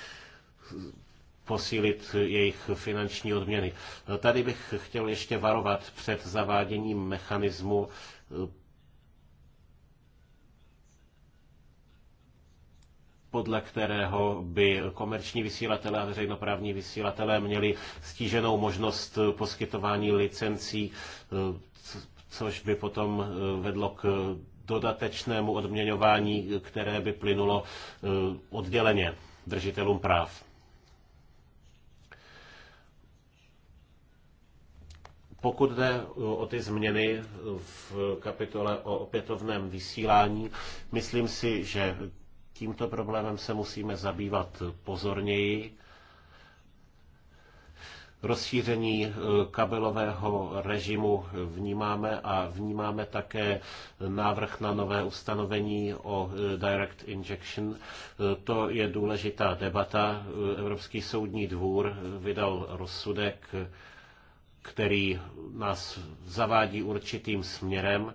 posílit jejich finanční odměny. Tady bych chtěl ještě varovat před zaváděním mechanismu eh, podle kterého by komerční vysílatelé a veřejnoprávní vysílatelé měli stíženou možnost poskytování licencí, eh, což by potom eh, vedlo k dodatečnému odměňování, které by plynulo eh, odděleně držitelům práv. Pokud jde o ty změny v kapitole o opětovném vysílání, myslím si, že tímto problémem se musíme zabývat pozorněji. Rozšíření eh, kabelového režimu vnímáme a vnímáme také návrh na nové ustanovení o eh, direct injection. Eh, to je důležitá debata. Evropský soudní dvůr vydal rozsudek, který nás zavádí určitým směrem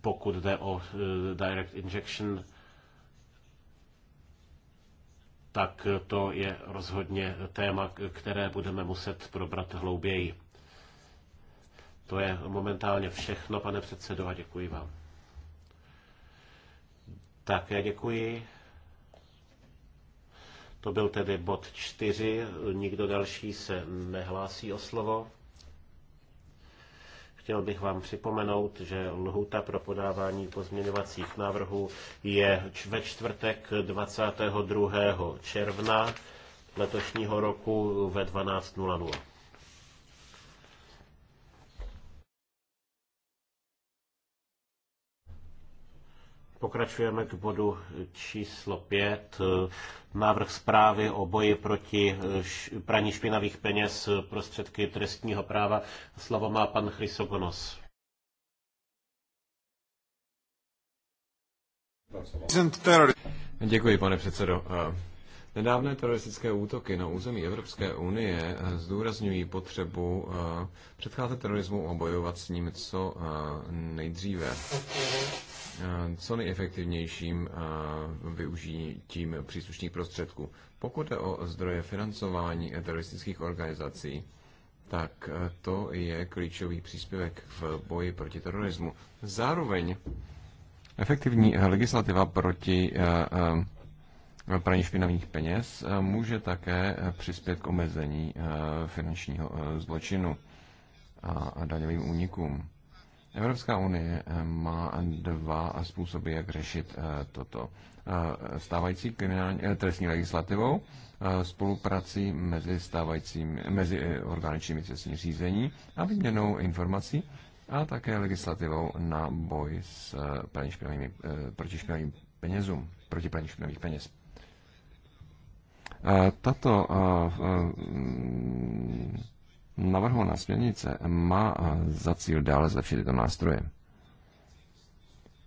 pokud jde o e, direct injection, tak to je rozhodně téma, které budeme muset probrat hlouběji. To je momentálně všechno, pane předsedo, a děkuji vám. Také děkuji. To byl tedy bod čtyři. Nikdo další se nehlásí o slovo. Chtěl bych vám připomenout, že lhuta pro podávání pozměňovacích návrhů je ve čtvrtek 22. června letošního roku ve 12.00. Pokračujeme k bodu číslo 5. Návrh zprávy o boji proti eh, praní špinavých peněz eh, prostředky trestního práva. Slovo má pan Chrysogonos. Děkuji, pane předsedo. Eh, nedávné teroristické útoky na území Evropské unie zdůrazňují potřebu předcházet terorismu a bojovat s ním co nejdříve. Eh, co nejefektivnějším eh, využitím příslušných prostředků. Pokud je o zdroje financování teroristických organizací, tak eh, to je klíčový příspěvek v boji proti terorismu. Zároveň efektivní legislativa proti praní špinavých peněz může také přispět k omezení finančního zločinu a daňovým únikům. Evropská unie eh, má dva způsoby, jak řešit eh, toto. Eh, stávající kriminální, trestní legislativou, spoluprací mezi, stávajícím, mezi organičními trestní řízení a výměnou informací a také legislativou na boj s praní proti špinavým penězům, proti praní špinavých peněz. Tato Navrhovaná směrnice má eh, za cíl dále zlepšit tyto nástroje.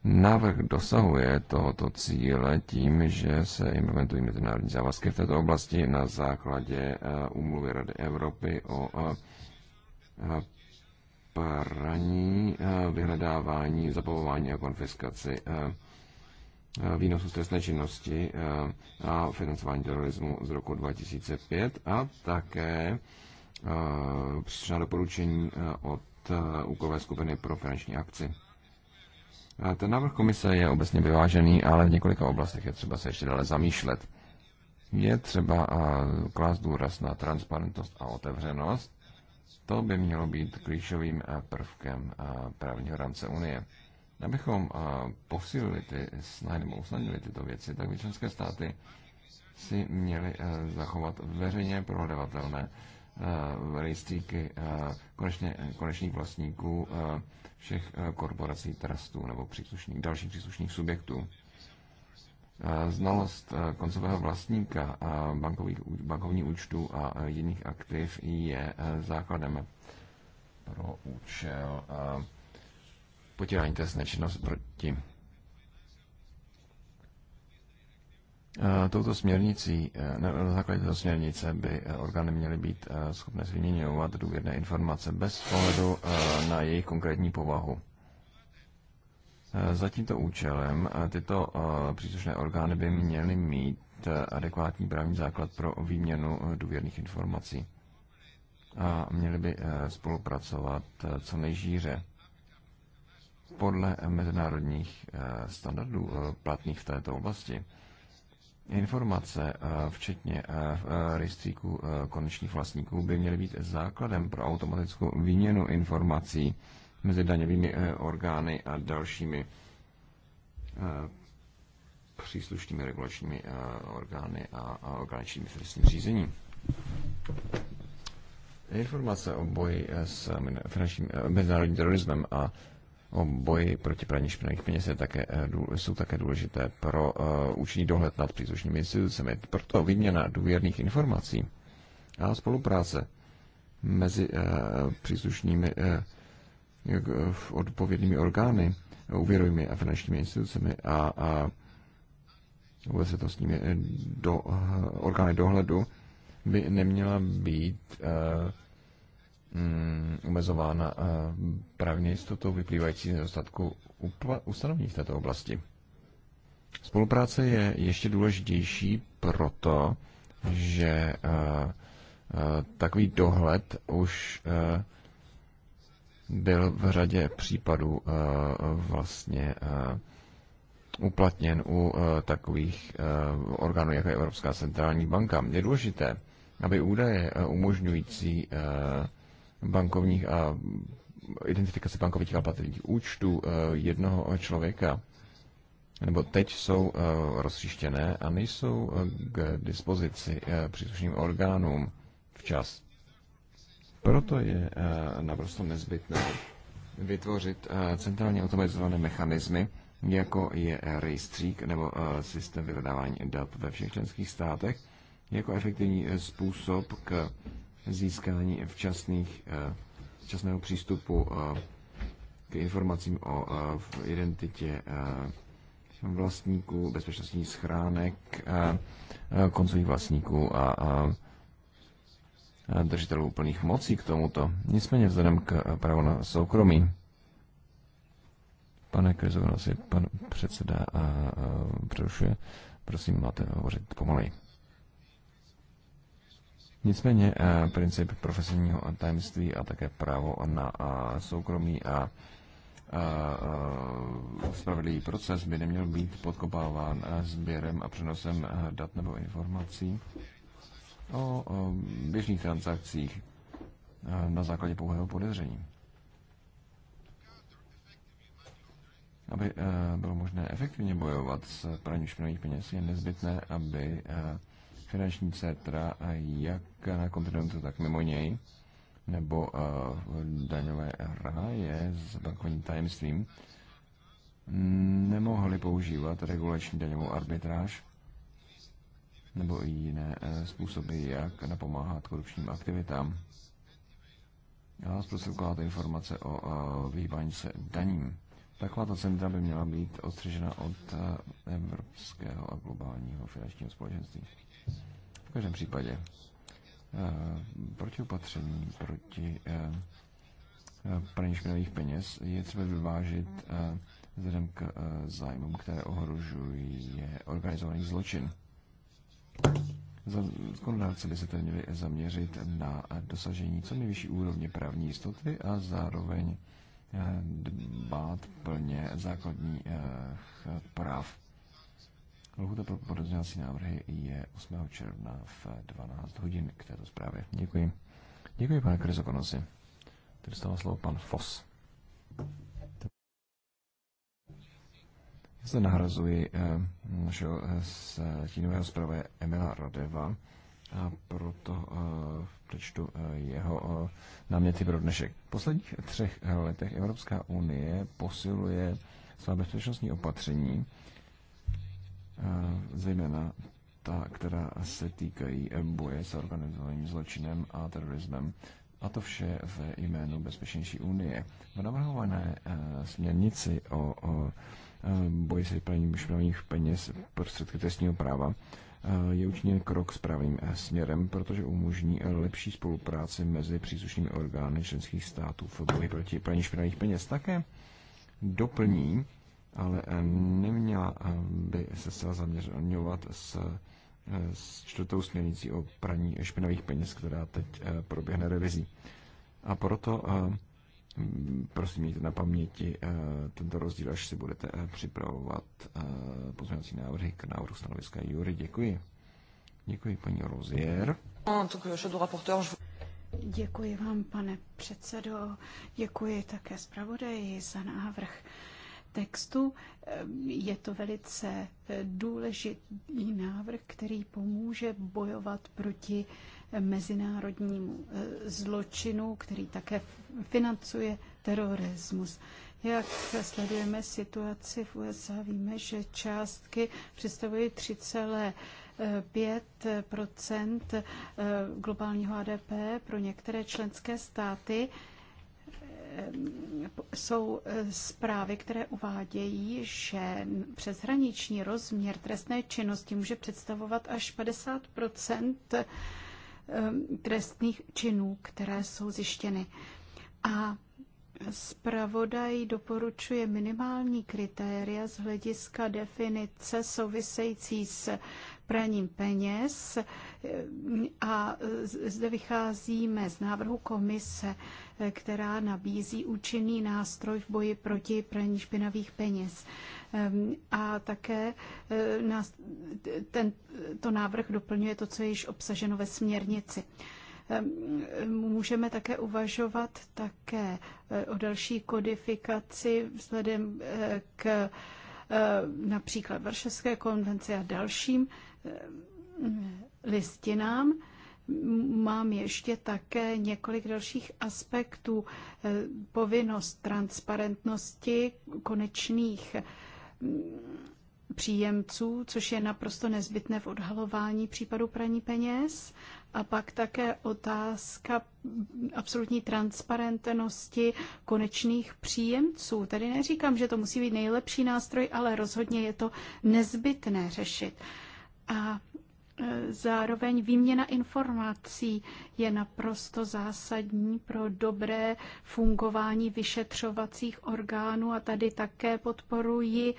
Návrh dosahuje tohoto cíle tím, že se implementují mezinárodní závazky v této oblasti na základě eh, úmluvy Rady Evropy o eh, praní, vyhledávání, zabavování a konfiskaci výnosu z trestné činnosti a financování terorismu z roku 2005 a také Eh, přišla doporučení eh, od eh, úkolové skupiny pro finanční akci. Ten návrh komise je obecně vyvážený, ale v několika oblastech je třeba se ještě dále zamýšlet. Je třeba klást důraz na transparentnost a otevřenost. To by mělo být klíčovým prvkem právního rámce Unie. Abychom posílili ty snahy nebo usnadnili tyto věci, tak by členské státy si měly zachovat veřejně prohledovatelné Eh, rejstříky eh, konečně, eh, konečných vlastníků všech korporací, trustů nebo příslušných, dalších příslušných subjektů. Znalost koncového vlastníka bankových, bankovní účtu a jiných aktiv je základem pro účel potírání té činnosti proti Eh, touto směrnicí, eh, na základě této směrnice by eh, orgány měly být schopné si vyměňovat důvěrné informace bez ohledu na jejich konkrétní povahu. Za tímto účelem tyto příslušné orgány by měly mít adekvátní právní základ pro výměnu důvěrných informací a měly by spolupracovat co nejžíře podle mezinárodních standardů platných v této oblasti. Informace, eh, včetně eh, eh, rejstříku konečných vlastníků, by měly být základem pro automatickou výměnu informací mezi daňovými orgány a dalšími příslušnými regulačními orgány a organičními trestním řízení. Informace o boji s finančním mezinárodním terorismem a o boji proti praní špinavých peněz je také, eh, jsou také důležité pro eh, účinný dohled nad příslušnými institucemi. Proto výměna důvěrných informací a spolupráce mezi eh, příslušnými odpovědnými orgány, úvěrovými a finančními institucemi a, a vůbec se to s nimi do, orgány dohledu by neměla být Mm, omezována eh, právně jistotou vyplývající z nedostatku ustanovení v této oblasti. Spolupráce je ještě důležitější proto, že eh, eh, takový dohled už byl v řadě případů vlastně uplatněn u takových orgánů, jako je Evropská centrální banka. Je důležité, aby údaje umožňující bankovních a identifikace bankovních a platebních účtů eh, jednoho člověka, nebo teď jsou eh, rozstříštěné a nejsou eh, k dispozici příslušným orgánům včas. Proto je naprosto nezbytné vytvořit centrálně automatizované mechanismy, jako je rejstřík nebo systém vyhledávání dat ve všech členských státech, jako efektivní způsob k získání včasných, eh, včasného přístupu eh, k informacím o eh, identitě vlastníků, bezpečnostních schránek, koncových vlastníků a držitelů úplných mocí k tomuto. Nicméně vzhledem k právo na soukromí, pane si pan předseda a, a, přerušuje, prosím, máte hovořit pomalej. Nicméně eh, princip profesního tajemství a také právo na eh, soukromí a eh, spravedlivý proces by neměl být podkopáván sběrem a přenosem dat nebo informací o běžných transakcích na základě pouhého podezření. Aby bylo možné efektivně bojovat s praní špinavých peněz, je nezbytné, aby finanční centra, jak na kontinentu, tak mimo něj, nebo eh, daňové ráje s bankovním tajemstvím, nemohli používat regulační daňovou arbitráž nebo i jiné eh, způsoby, jak napomáhat korupčním aktivitám a zprostředkovat informace o eh, vyhýbání se daním. Takováto centra by měla být odstřižena od evropského a globálního finančního společenství. V každém případě eh, protiopatření proti eh, praní špinavých peněz je třeba vyvážit eh, vzhledem k zájmům, které ohrožují organizovaný zločin. Zákonodárci by se tedy měli zaměřit na dosažení co nejvyšší úrovně právní jistoty a zároveň dbát plně základních práv Lhůta pro podozňovací návrhy je 8. června v 12 hodin k této zprávě. Děkuji. Děkuji, pane Krizokonosi. Tady dostává slovo pan Fos. Já se nahrazuji eh, našeho eh, eh, stínového zprávě Emila Radeva a proto přečtu jeho náměty pro dnešek. V posledních třech letech Evropská unie posiluje svá bezpečnostní opatření zejména ta, která se týkají boje s organizovaným zločinem a terorismem. A to vše ve jménu Bezpečnější unie. V navrhované e, směrnici o, o e, boji s vyplněním špinavých peněz prostředky trestního práva e, je učiněn krok správným směrem, protože umožní lepší spolupráci mezi příslušnými orgány členských států v boji proti praní špinavých peněz. Také doplní ale eh, neměla eh, by se zcela zaměřovat s, eh, s čtvrtou směrnicí o praní špinavých peněz, která teď proběhne revizí. A proto prosím mějte na paměti tento rozdíl, až si budete připravovat pozměňovací návrhy k návrhu stanoviska Jury. Děkuji. Děkuji, paní Rozier. Děkuji vám, pane předsedo. Děkuji také zpravodaji za návrh textu. Ehm, je to velice eh, důležitý návrh, který pomůže bojovat proti eh, mezinárodnímu eh, zločinu, který také financuje terorismus. Jak sledujeme situaci v USA, víme, že částky představují 3,5 globálního HDP pro některé členské státy. Ehm, jsou eh, zprávy, které uvádějí, že přeshraniční rozměr trestné činnosti může představovat až 50 ehm, trestných činů, které jsou zjištěny. A zpravodaj doporučuje minimální kritéria z hlediska definice související s praním peněz a zde vycházíme z návrhu komise, která nabízí účinný nástroj v boji proti praní špinavých peněz. A také eh, tento návrh doplňuje to, co je již obsaženo ve směrnici. Ehm, můžeme také uvažovat také eh, o další kodifikaci vzhledem eh, k například Varšavské konvenci a dalším Eh, listinám. Mám ještě také několik dalších aspektů. Eh, povinnost transparentnosti konečných mm, příjemců, což je naprosto nezbytné v odhalování případu praní peněz. A pak také otázka absolutní transparentnosti konečných příjemců. Tady neříkám, že to musí být nejlepší nástroj, ale rozhodně je to nezbytné řešit. A e, Zároveň výměna informací je naprosto zásadní pro dobré fungování vyšetřovacích orgánů a tady také podporuji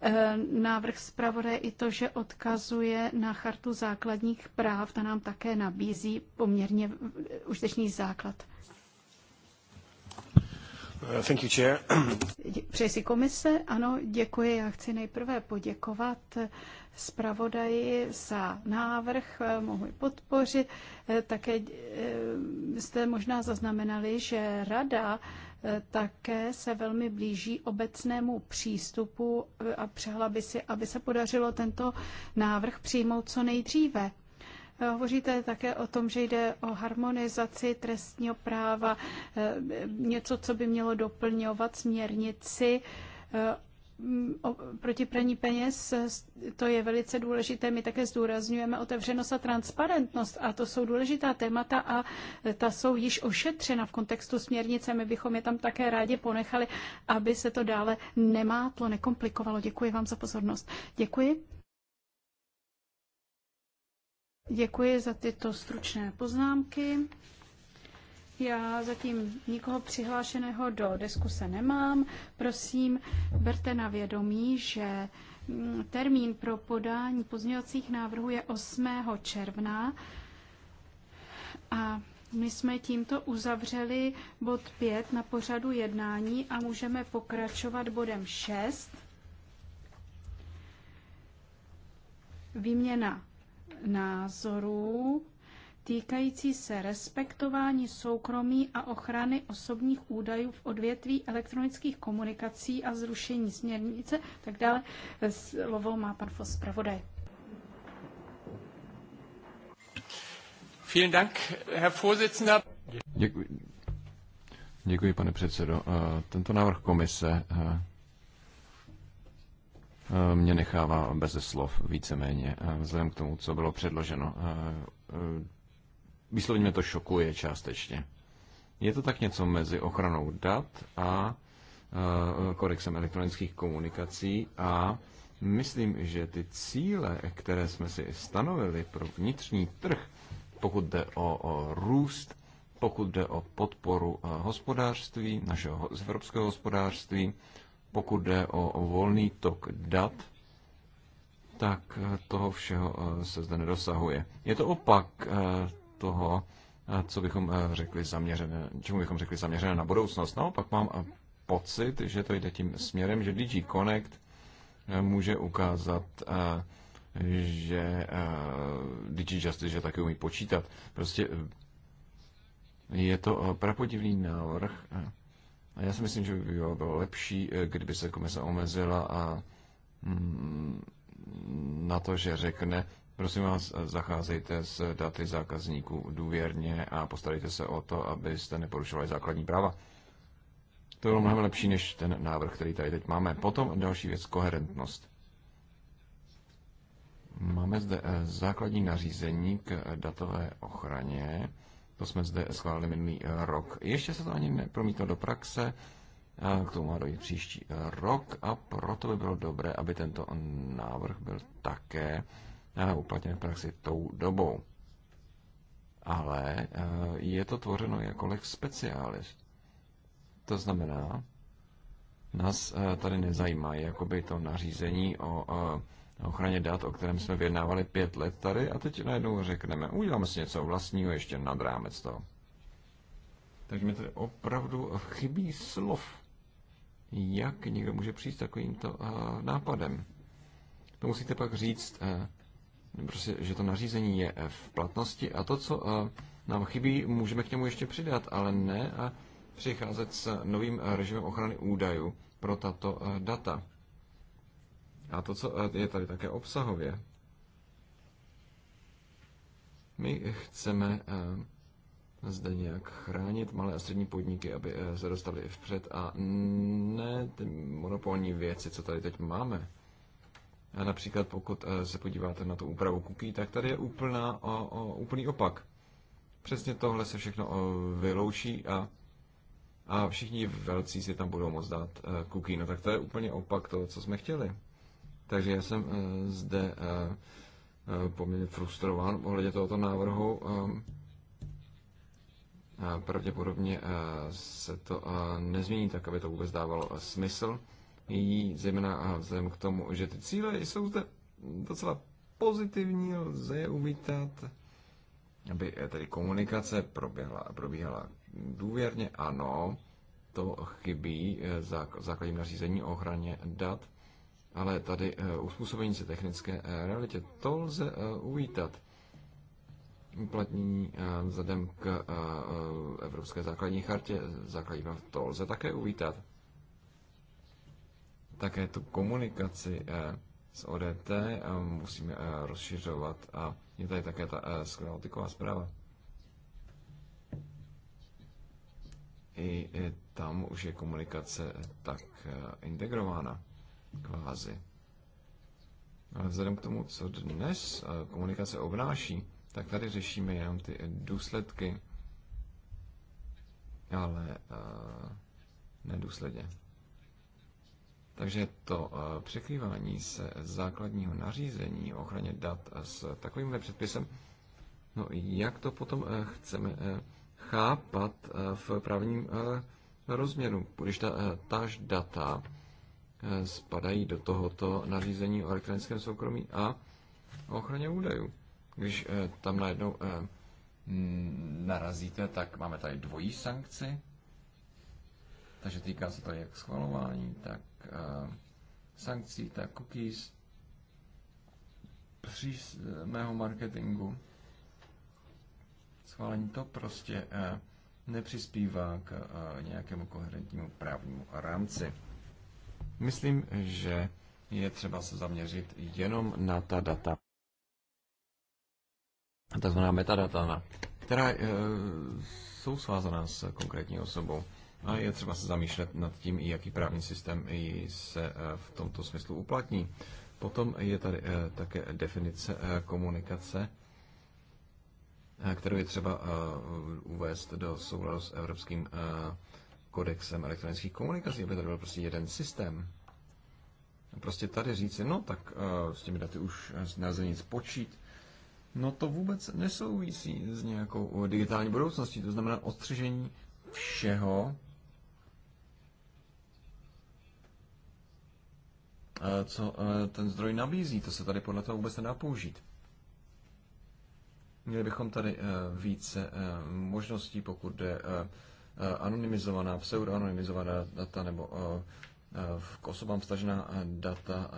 e, návrh zpravodaje i to, že odkazuje na chartu základních práv, ta nám také nabízí poměrně užitečný základ. Thank you, chair. Přeji si komise. Ano, děkuji. Já chci nejprve poděkovat zpravodaji za návrh. Mohu ji podpořit. Také eh, jste možná zaznamenali, že rada eh, také se velmi blíží obecnému přístupu eh, a přehla by si, aby se podařilo tento návrh přijmout co nejdříve. Hovoříte také o tom, že jde o harmonizaci trestního práva, eh, něco, co by mělo doplňovat směrnici eh, proti praní peněz, to je velice důležité. My také zdůrazňujeme otevřenost a transparentnost a to jsou důležitá témata a ta jsou již ošetřena v kontextu směrnice. My bychom je tam také rádi ponechali, aby se to dále nemátlo, nekomplikovalo. Děkuji vám za pozornost. Děkuji. Děkuji za tyto stručné poznámky. Já zatím nikoho přihlášeného do diskuse nemám. Prosím, berte na vědomí, že mm, termín pro podání pozměňovacích návrhů je 8. června a my jsme tímto uzavřeli bod 5 na pořadu jednání a můžeme pokračovat bodem 6. Výměna názorů týkající se respektování soukromí a ochrany osobních údajů v odvětví elektronických komunikací a zrušení směrnice, tak dále. Slovo má pan Fos Pravodaj. Vielen Dank, Herr Vorsitzender. Děkuji. Děkuji, pane předsedo. Eh, tento návrh komise eh, Eh, mě nechává bez slov víceméně, eh, vzhledem k tomu, co bylo předloženo. Eh, výslovně mě to šokuje částečně. Je to tak něco mezi ochranou dat a kodexem elektronických komunikací a myslím, že ty cíle, které jsme si stanovili pro vnitřní trh, pokud jde o, o růst, pokud jde o podporu hospodářství, našeho evropského hospodářství, pokud jde o volný tok dat, tak toho všeho eh, se zde nedosahuje. Je to opak eh, toho, eh, co bychom řekli zaměřené, čemu bychom řekli zaměřené na budoucnost. Naopak mám pocit, že to jde tím směrem, že DG Connect může ukázat, že DG Justice že taky umí počítat. Prostě je to prapodivný návrh, a já si myslím, že by bylo lepší, eh, kdyby se komise omezila a mm, na to, že řekne, prosím vás, eh, zacházejte s daty zákazníků důvěrně a postarejte se o to, abyste neporušovali základní práva. To bylo mnohem lepší než ten návrh, který tady teď máme. Potom další věc, koherentnost. Máme zde eh, základní nařízení k datové ochraně to jsme zde schválili minulý eh, rok. Ještě se to ani nepromítlo do praxe, eh, k tomu má dojít příští eh, rok a proto by bylo dobré, aby tento návrh byl také uplatněn v praxi tou dobou. Ale je to tvořeno jako lex specialis. To znamená, nás tady nezajímá jakoby to nařízení o na ochraně dat, o kterém jsme vyjednávali pět let tady a teď najednou řekneme, uděláme si něco vlastního ještě nad rámec toho. Takže mi tady opravdu chybí slov. Jak někdo může přijít s takovýmto uh, nápadem? To musíte pak říct, uh, prostě, že to nařízení je eh, v platnosti a to, co uh, nám chybí, můžeme k němu ještě přidat, ale ne a přicházet s novým režimem ochrany údajů pro tato uh, data. A to, co je tady také obsahově, my chceme eh, zde nějak chránit malé a střední podniky, aby eh, se dostali vpřed a ne ty monopolní věci, co tady teď máme. A například pokud eh, se podíváte na tu úpravu cookie, tak tady je úplná, o, o, úplný opak. Přesně tohle se všechno vyloučí a, a všichni velcí si tam budou moct dát cookie. No tak to je úplně opak toho, co jsme chtěli. Takže já jsem eh, zde eh, eh, poměrně frustrován ohledně tohoto návrhu. Pravděpodobně se to nezmění tak, aby to vůbec dávalo smysl. Jí zejména vzhledem k tomu, že ty cíle jsou zde docela pozitivní, lze je uvítat, aby tedy komunikace proběhla, probíhala důvěrně, ano, to chybí základním nařízení o ochraně dat, ale tady eh, uspůsobení se technické eh, realitě, to lze eh, uvítat. Uplatnění vzhledem k Evropské základní chartě, základní práv, to lze také uvítat. Také tu komunikaci s ODT musíme rozšiřovat a je tady také ta sklerotiková zpráva. I tam už je komunikace tak integrována kvázi. Ale vzhledem k tomu, co dnes eh, komunikace obnáší, tak tady řešíme jenom ty důsledky, ale uh, nedůsledně. Takže to uh, překrývání se základního nařízení o ochraně dat s takovýmhle předpisem, no jak to potom uh, chceme uh, chápat uh, v právním uh, rozměru, když ta uh, data spadají do tohoto nařízení o elektronickém soukromí a o ochraně údajů. Když eh, tam najednou eh, narazíte, tak máme tady dvojí sankci, takže týká se to jak schvalování, tak eh, sankcí, tak cookies, při mého marketingu. Schválení to prostě nepřispívá k nějakému koherentnímu právnímu rámci. Myslím, že je třeba se zaměřit jenom na ta data, takzvaná metadata, která e, jsou svázaná s konkrétní osobou. A je třeba se zamýšlet nad tím, jaký právní systém se e, v tomto smyslu uplatní. Potom je tady e, také definice komunikace, kterou je třeba uvést do souladu s evropským kodexem elektronických komunikací, aby to byl prostě jeden systém. Prostě tady říci, no tak eh, s těmi daty už nelze nic počít, no to vůbec nesouvisí s nějakou eh, digitální budoucností, to znamená odstřižení všeho, eh, co ten zdroj nabízí, to se tady podle toho vůbec nedá použít. Měli bychom tady více možností, pokud jde Eh, anonymizovaná, pseudoanonymizovaná data nebo eh, eh, k osobám vstažená data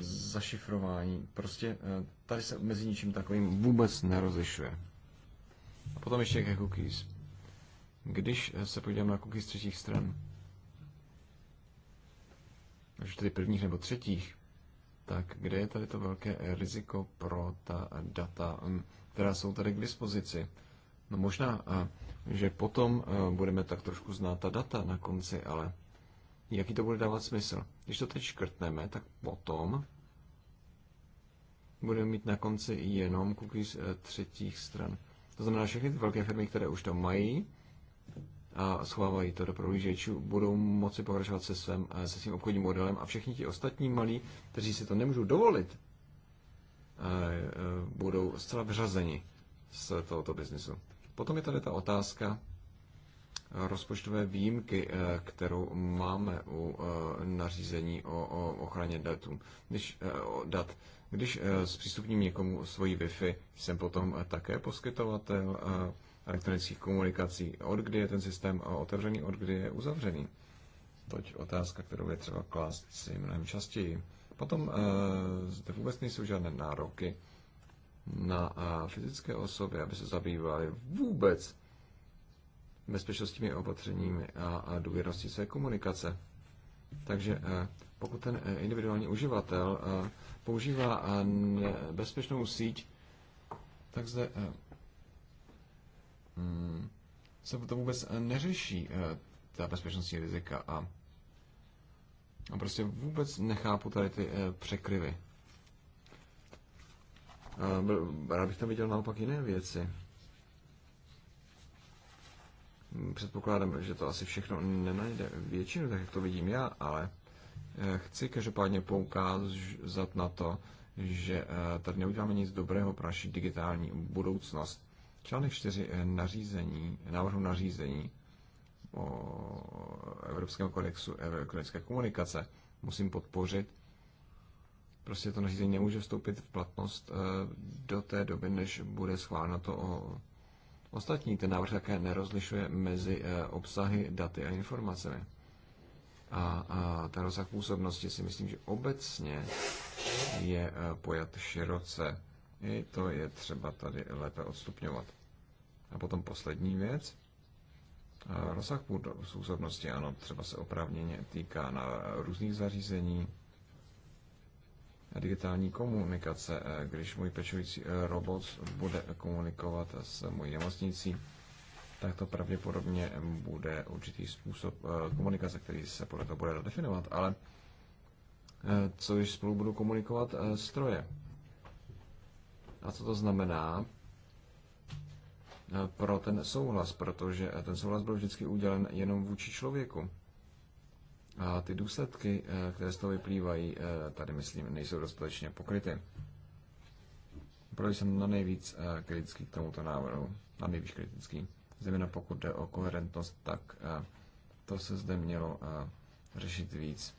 zašifrování. Prostě tady se mezi ničím takovým vůbec nerozlišuje. A potom ještě ke cookies. Když se podívám na cookies třetích stran, až tedy prvních nebo třetích, tak kde je tady to velké riziko pro ta data, mm, která jsou tady k dispozici? No možná že potom eh, budeme tak trošku znát ta data na konci, ale jaký to bude dávat smysl? Když to teď škrtneme, tak potom budeme mít na konci jenom cookies eh, třetích stran. To znamená, všechny ty velké firmy, které už to mají a schovávají to do prohlížečů, budou moci pokračovat se, svém, eh, se svým obchodním modelem a všichni ti ostatní malí, kteří si to nemůžou dovolit, budou zcela vyřazeni z tohoto biznisu. Potom je tady ta otázka eh, rozpočtové výjimky, eh, kterou máme u eh, nařízení o ochraně datů. Když, dat. Když zpřístupním někomu svoji Wi-Fi, jsem potom také poskytovatel elektronických komunikací. Od kdy je ten systém otevřený, od kdy je uzavřený? Toť otázka, kterou je třeba klást si mnohem častěji. Potom zde vůbec nejsou žádné nároky na fyzické osoby, aby se zabývali vůbec bezpečnostními opatřeními a, důvěrností své komunikace. Takže e, pokud ten e, individuální uživatel e, používá bezpečnou síť, tak zde mm, se to vůbec neřeší, ta bezpečnostní rizika. A, a prostě vůbec nechápu tady ty překryvy. Rád bych tam viděl naopak jiné věci. Předpokládám, že to asi všechno nenajde většinu, tak jak to vidím já, ale eh, chci každopádně poukázat na to, že eh, tady neuděláme nic dobrého pro naši digitální budoucnost. Článek 4 eh, nařízení, návrhu nařízení o Evropském kodexu elektronické komunikace musím podpořit, prostě to nařízení nemůže vstoupit v platnost eh, do té doby, než bude schváleno to o ostatní. Ten návrh také nerozlišuje mezi eh, obsahy, daty a informacemi. A, a ten rozsah působnosti si myslím, že obecně je eh, pojat široce. I to je třeba tady lépe odstupňovat. A potom poslední věc. Rozsah působnosti, ano, třeba se oprávněně týká na různých zařízení, digitální komunikace, e, když můj pečující e, robot bude komunikovat s mojí nemocnicí, tak to pravděpodobně bude určitý způsob e, komunikace, který se podle toho bude definovat, ale co když spolu budou komunikovat stroje? A co to znamená pro ten souhlas, protože ten souhlas byl vždycky udělen jenom vůči člověku. A ty důsledky, eh, které z toho vyplývají, eh, tady myslím, nejsou dostatečně pokryty. Proto jsem na nejvíc eh, kritický k tomuto návrhu, na nejvíc kritický, zejména pokud jde o koherentnost, tak to se zde mělo řešit víc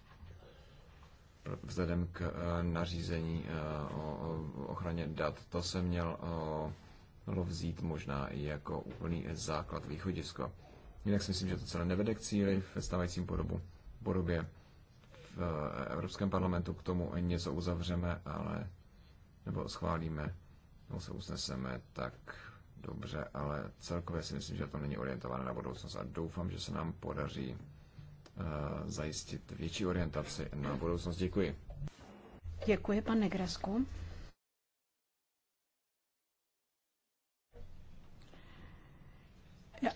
vzhledem k nařízení o ochraně dat. To se mělo vzít možná i jako úplný základ východisko. Jinak si myslím, že to celé nevede k cíli ve stávajícím podobu podobě v eh, Evropském parlamentu k tomu něco uzavřeme, ale nebo schválíme, nebo se usneseme, tak dobře, ale celkově si myslím, že to není orientované na budoucnost a doufám, že se nám podaří eh, zajistit větší orientaci na budoucnost. Děkuji. Děkuji, pan Negrasku.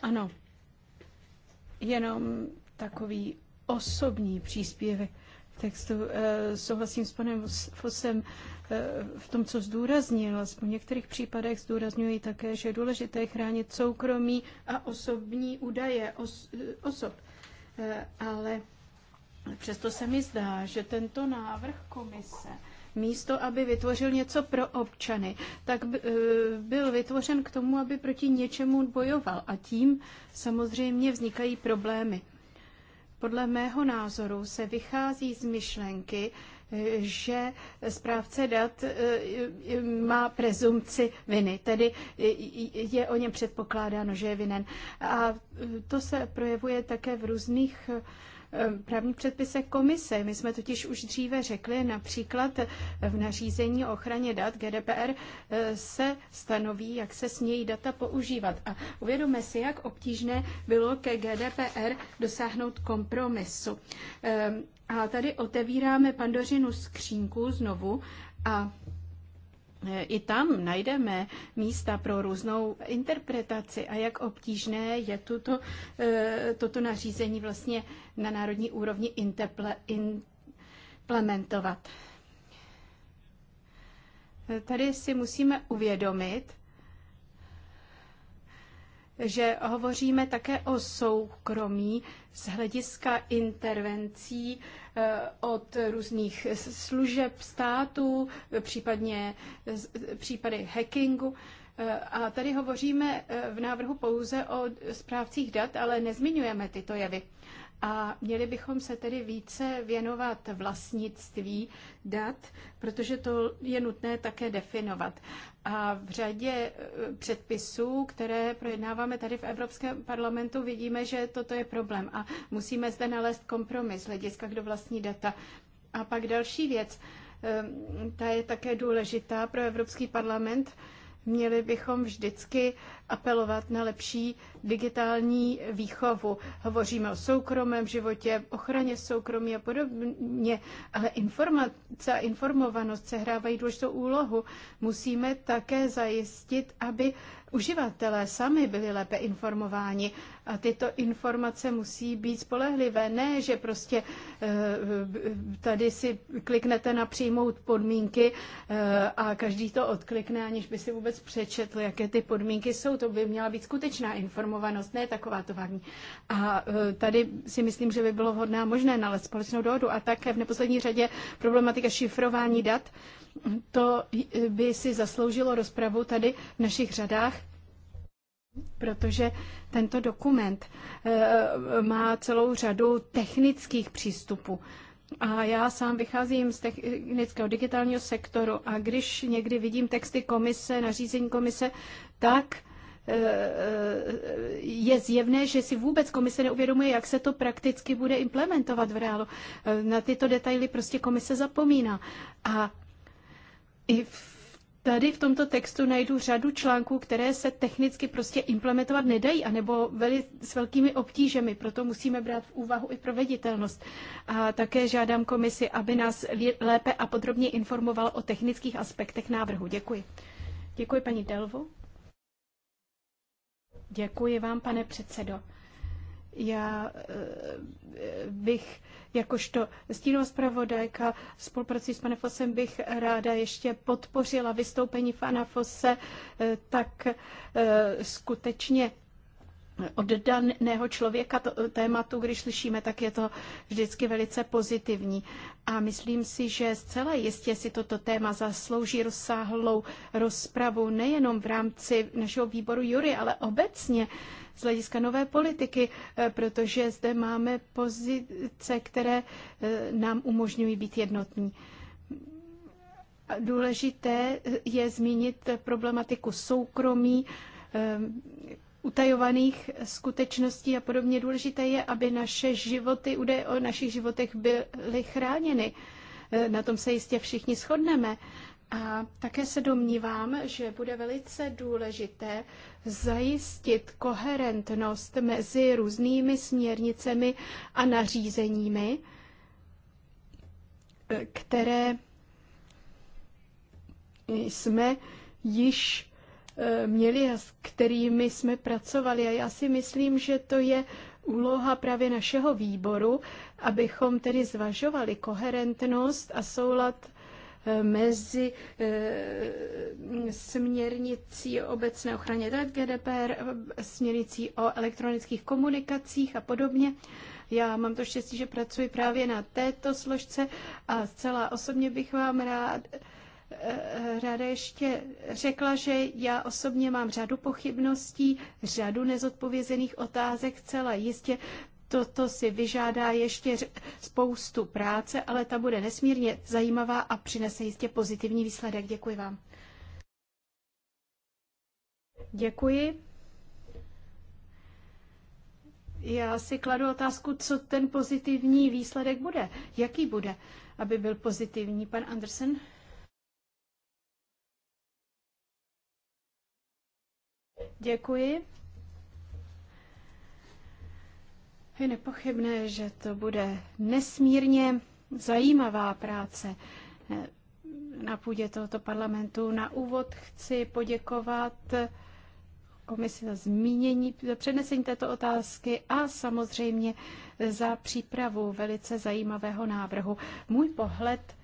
Ano, jenom takový osobní příspěvek k textu. Eh, souhlasím s panem Fosem eh, v tom, co zdůraznil, aspoň v některých případech zdůrazňuji také, že je důležité chránit soukromí a osobní údaje os, eh, osob. Ale přesto se mi zdá, že tento návrh komise místo, aby vytvořil něco pro občany, tak byl vytvořen k tomu, aby proti něčemu bojoval. A tím samozřejmě vznikají problémy. Podle mého názoru se vychází z myšlenky, že správce dat e, e, má prezumci viny, tedy je o něm předpokládáno, že je vinen. A to se projevuje také v různých právních předpisech komise. My jsme totiž už dříve řekli, například v nařízení o ochraně dat GDPR eh, se stanoví, jak se smějí data používat. A uvědomme si, jak obtížné bylo ke GDPR dosáhnout kompromisu. Ehm, a tady otevíráme pandořinu skřínku znovu a i tam najdeme místa pro různou interpretaci a jak obtížné je tuto, eh, toto nařízení vlastně na národní úrovni implementovat. Tady si musíme uvědomit, že hovoříme také o soukromí z hlediska intervencí Eh, od různých služeb státu, případně případy hackingu. Eh, a tady hovoříme eh, v návrhu pouze o správcích dat, ale nezmiňujeme tyto jevy. A měli bychom se tedy více věnovat vlastnictví dat, protože to je nutné také definovat. A v řadě eh, předpisů, které projednáváme tady v Evropském parlamentu, vidíme, že toto je problém a musíme zde nalézt kompromis hlediska, kdo vlastní data. A pak další věc, ta je také důležitá pro Evropský parlament, Měli bychom vždycky apelovat na lepší digitální výchovu. Hovoříme o soukromém životě, ochraně soukromí a podobně, ale informace a informovanost sehrávají důležitou úlohu. Musíme také zajistit, aby uživatelé sami byli lépe informováni a tyto informace musí být spolehlivé. Ne, že prostě eh, tady si kliknete na přijmout podmínky eh, a každý to odklikne, aniž by si vůbec přečetl, jaké ty podmínky jsou. To by měla být skutečná informace informovanost, ne taková tovární. A e, tady si myslím, že by bylo vhodné možné nalézt společnou dohodu a také v neposlední řadě problematika šifrování dat. To by si zasloužilo rozpravu tady v našich řadách, protože tento dokument e, má celou řadu technických přístupů. A já sám vycházím z technického digitálního sektoru a když někdy vidím texty komise, nařízení komise, tak Eh, eh, je zjevné, že si vůbec komise neuvědomuje, jak se to prakticky bude implementovat v reálu. Eh, na tyto detaily prostě komise zapomíná. A i v Tady v tomto textu najdu řadu článků, které se technicky prostě implementovat nedají, anebo veli, s velkými obtížemi, proto musíme brát v úvahu i proveditelnost. A také žádám komisi, aby nás lépe a podrobně informovala o technických aspektech návrhu. Děkuji. Děkuji paní Delvo. Děkuji vám, pane předsedo. Já eh, bych jakožto stínová zpravodajka spolupraci s panem Fosem bych ráda ještě podpořila vystoupení pana Fose, eh, tak eh, skutečně oddaného člověka to, tématu, když slyšíme, tak je to vždycky velice pozitivní. A myslím si, že zcela jistě si toto téma zaslouží rozsáhlou rozpravu nejenom v rámci našeho výboru Jury, ale obecně z hlediska nové politiky, eh, protože zde máme pozice, které eh, nám umožňují být jednotní. Důležité je zmínit problematiku soukromí, eh, utajovaných skutečností a podobně. Důležité je, aby naše životy, údaje o našich životech byly chráněny. E, na tom se jistě všichni shodneme. A také se domnívám, že bude velice důležité zajistit koherentnost mezi různými směrnicemi a nařízeními, e, které jsme již Eh, měli a s kterými jsme pracovali. A já si myslím, že to je úloha právě našeho výboru, abychom tedy zvažovali koherentnost a soulad eh, mezi eh, směrnicí o obecné ochraně dat GDPR, směrnicí o elektronických komunikacích a podobně. Já mám to štěstí, že pracuji právě na této složce a zcela osobně bych vám rád Eh, ráda ještě řekla, že já osobně mám řadu pochybností, řadu nezodpovězených otázek celá jistě. Toto si vyžádá ještě spoustu práce, ale ta bude nesmírně zajímavá a přinese jistě pozitivní výsledek. Děkuji vám. Děkuji. Já si kladu otázku, co ten pozitivní výsledek bude. Jaký bude, aby byl pozitivní, pan Andersen? Děkuji. Je nepochybné, že to bude nesmírně zajímavá práce na půdě tohoto parlamentu. Na úvod chci poděkovat komisi za zmínění, za přednesení této otázky a samozřejmě za přípravu velice zajímavého návrhu. Můj pohled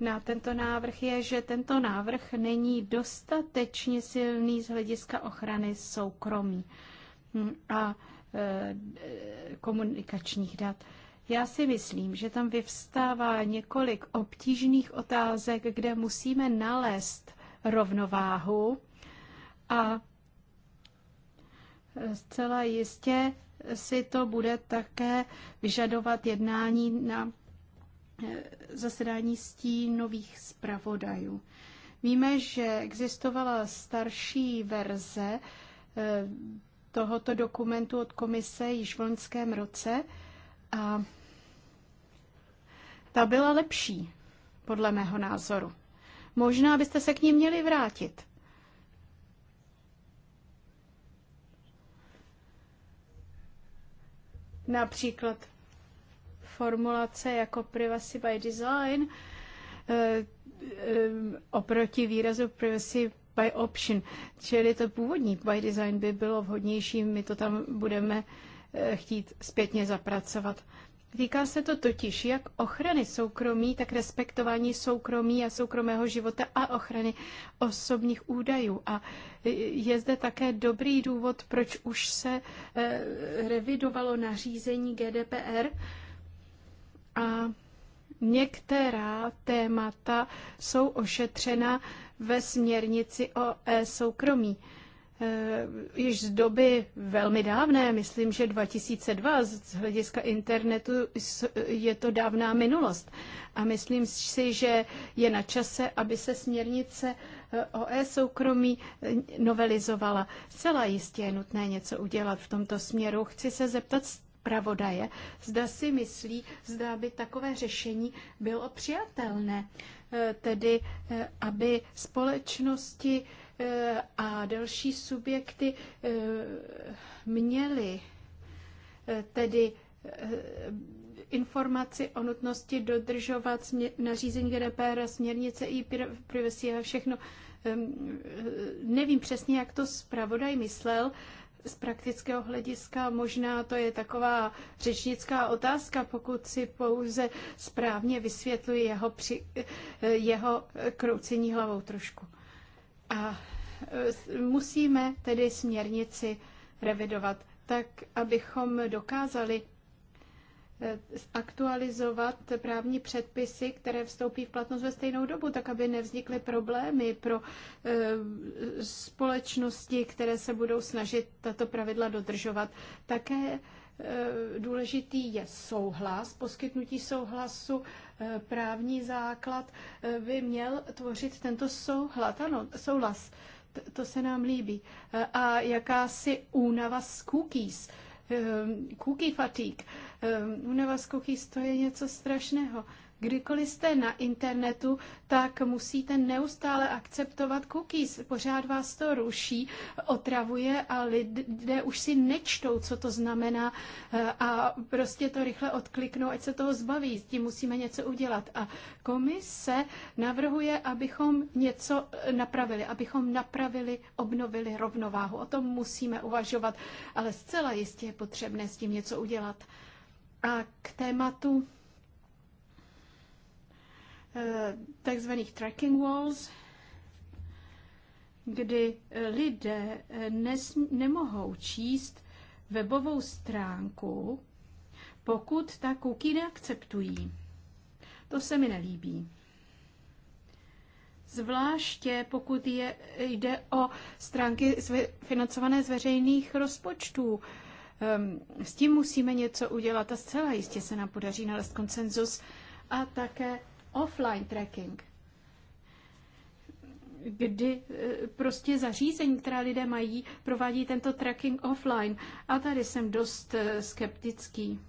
na tento návrh je, že tento návrh není dostatečně silný z hlediska ochrany soukromí hm, a e, komunikačních dat. Já si myslím, že tam vyvstává několik obtížných otázek, kde musíme nalézt rovnováhu a e, zcela jistě si to bude také vyžadovat jednání na Eh, zasedání stínových zpravodajů. Víme, že existovala starší verze eh, tohoto dokumentu od komise již v loňském roce a ta byla lepší, podle mého názoru. Možná byste se k ní měli vrátit. Například formulace jako privacy by design eh, eh, oproti výrazu privacy by option. Čili to původní by design by bylo vhodnější, my to tam budeme eh, chtít zpětně zapracovat. Týká se to totiž jak ochrany soukromí, tak respektování soukromí a soukromého života a ochrany osobních údajů. A je zde také dobrý důvod, proč už se revidovalo nařízení GDPR, a některá témata jsou ošetřena ve směrnici o e-soukromí. E, již z doby velmi dávné, myslím, že 2002, z hlediska internetu je to dávná minulost. A myslím si, že je na čase, aby se směrnice e, o e-soukromí e, novelizovala. Celá jistě je nutné něco udělat v tomto směru. Chci se zeptat, zpravodaje, zda si myslí, zda by takové řešení bylo přijatelné, eh, tedy eh, aby společnosti eh, a další subjekty měly tedy informaci o nutnosti dodržovat nařízení GDPR, směrnice i privacy a všechno. Ehm, nevím přesně, jak to zpravodaj myslel, z praktického hlediska možná to je taková řečnická otázka, pokud si pouze správně vysvětluji jeho, při, jeho kroucení hlavou trošku. A e, musíme tedy směrnici revidovat tak, abychom dokázali Eh, aktualizovat právní předpisy, které vstoupí v platnost ve stejnou dobu, tak aby nevznikly problémy pro eh, společnosti, které se budou snažit tato pravidla dodržovat. Také eh, důležitý je souhlas, poskytnutí souhlasu, právní základ by měl tvořit tento souhlas. ano, souhlas. To se nám líbí. A jakási únava z cookies Eh, cookie fatigue. Eh, u z cookies to je něco strašného. Kdykoliv jste na internetu, tak musíte neustále akceptovat cookies. Pořád vás to ruší, otravuje a lidé už si nečtou, co to znamená eh, a prostě to rychle odkliknou, ať se toho zbaví. S tím musíme něco udělat. A komise navrhuje, abychom něco eh, napravili, abychom napravili, obnovili rovnováhu. O tom musíme uvažovat, ale zcela jistě je potřebné s tím něco udělat. A k tématu Eh, takzvaných tracking walls, kdy eh, lidé eh, nes- nemohou číst webovou stránku, pokud ta kuky neakceptují. To se mi nelíbí. Zvláště pokud je, jde o stránky zve, financované z veřejných rozpočtů. Ehm, s tím musíme něco udělat a zcela jistě se nám podaří nalézt koncenzus a také offline tracking, kdy eh, prostě zařízení, která lidé mají, provádí tento tracking offline. A tady jsem dost eh, skeptický.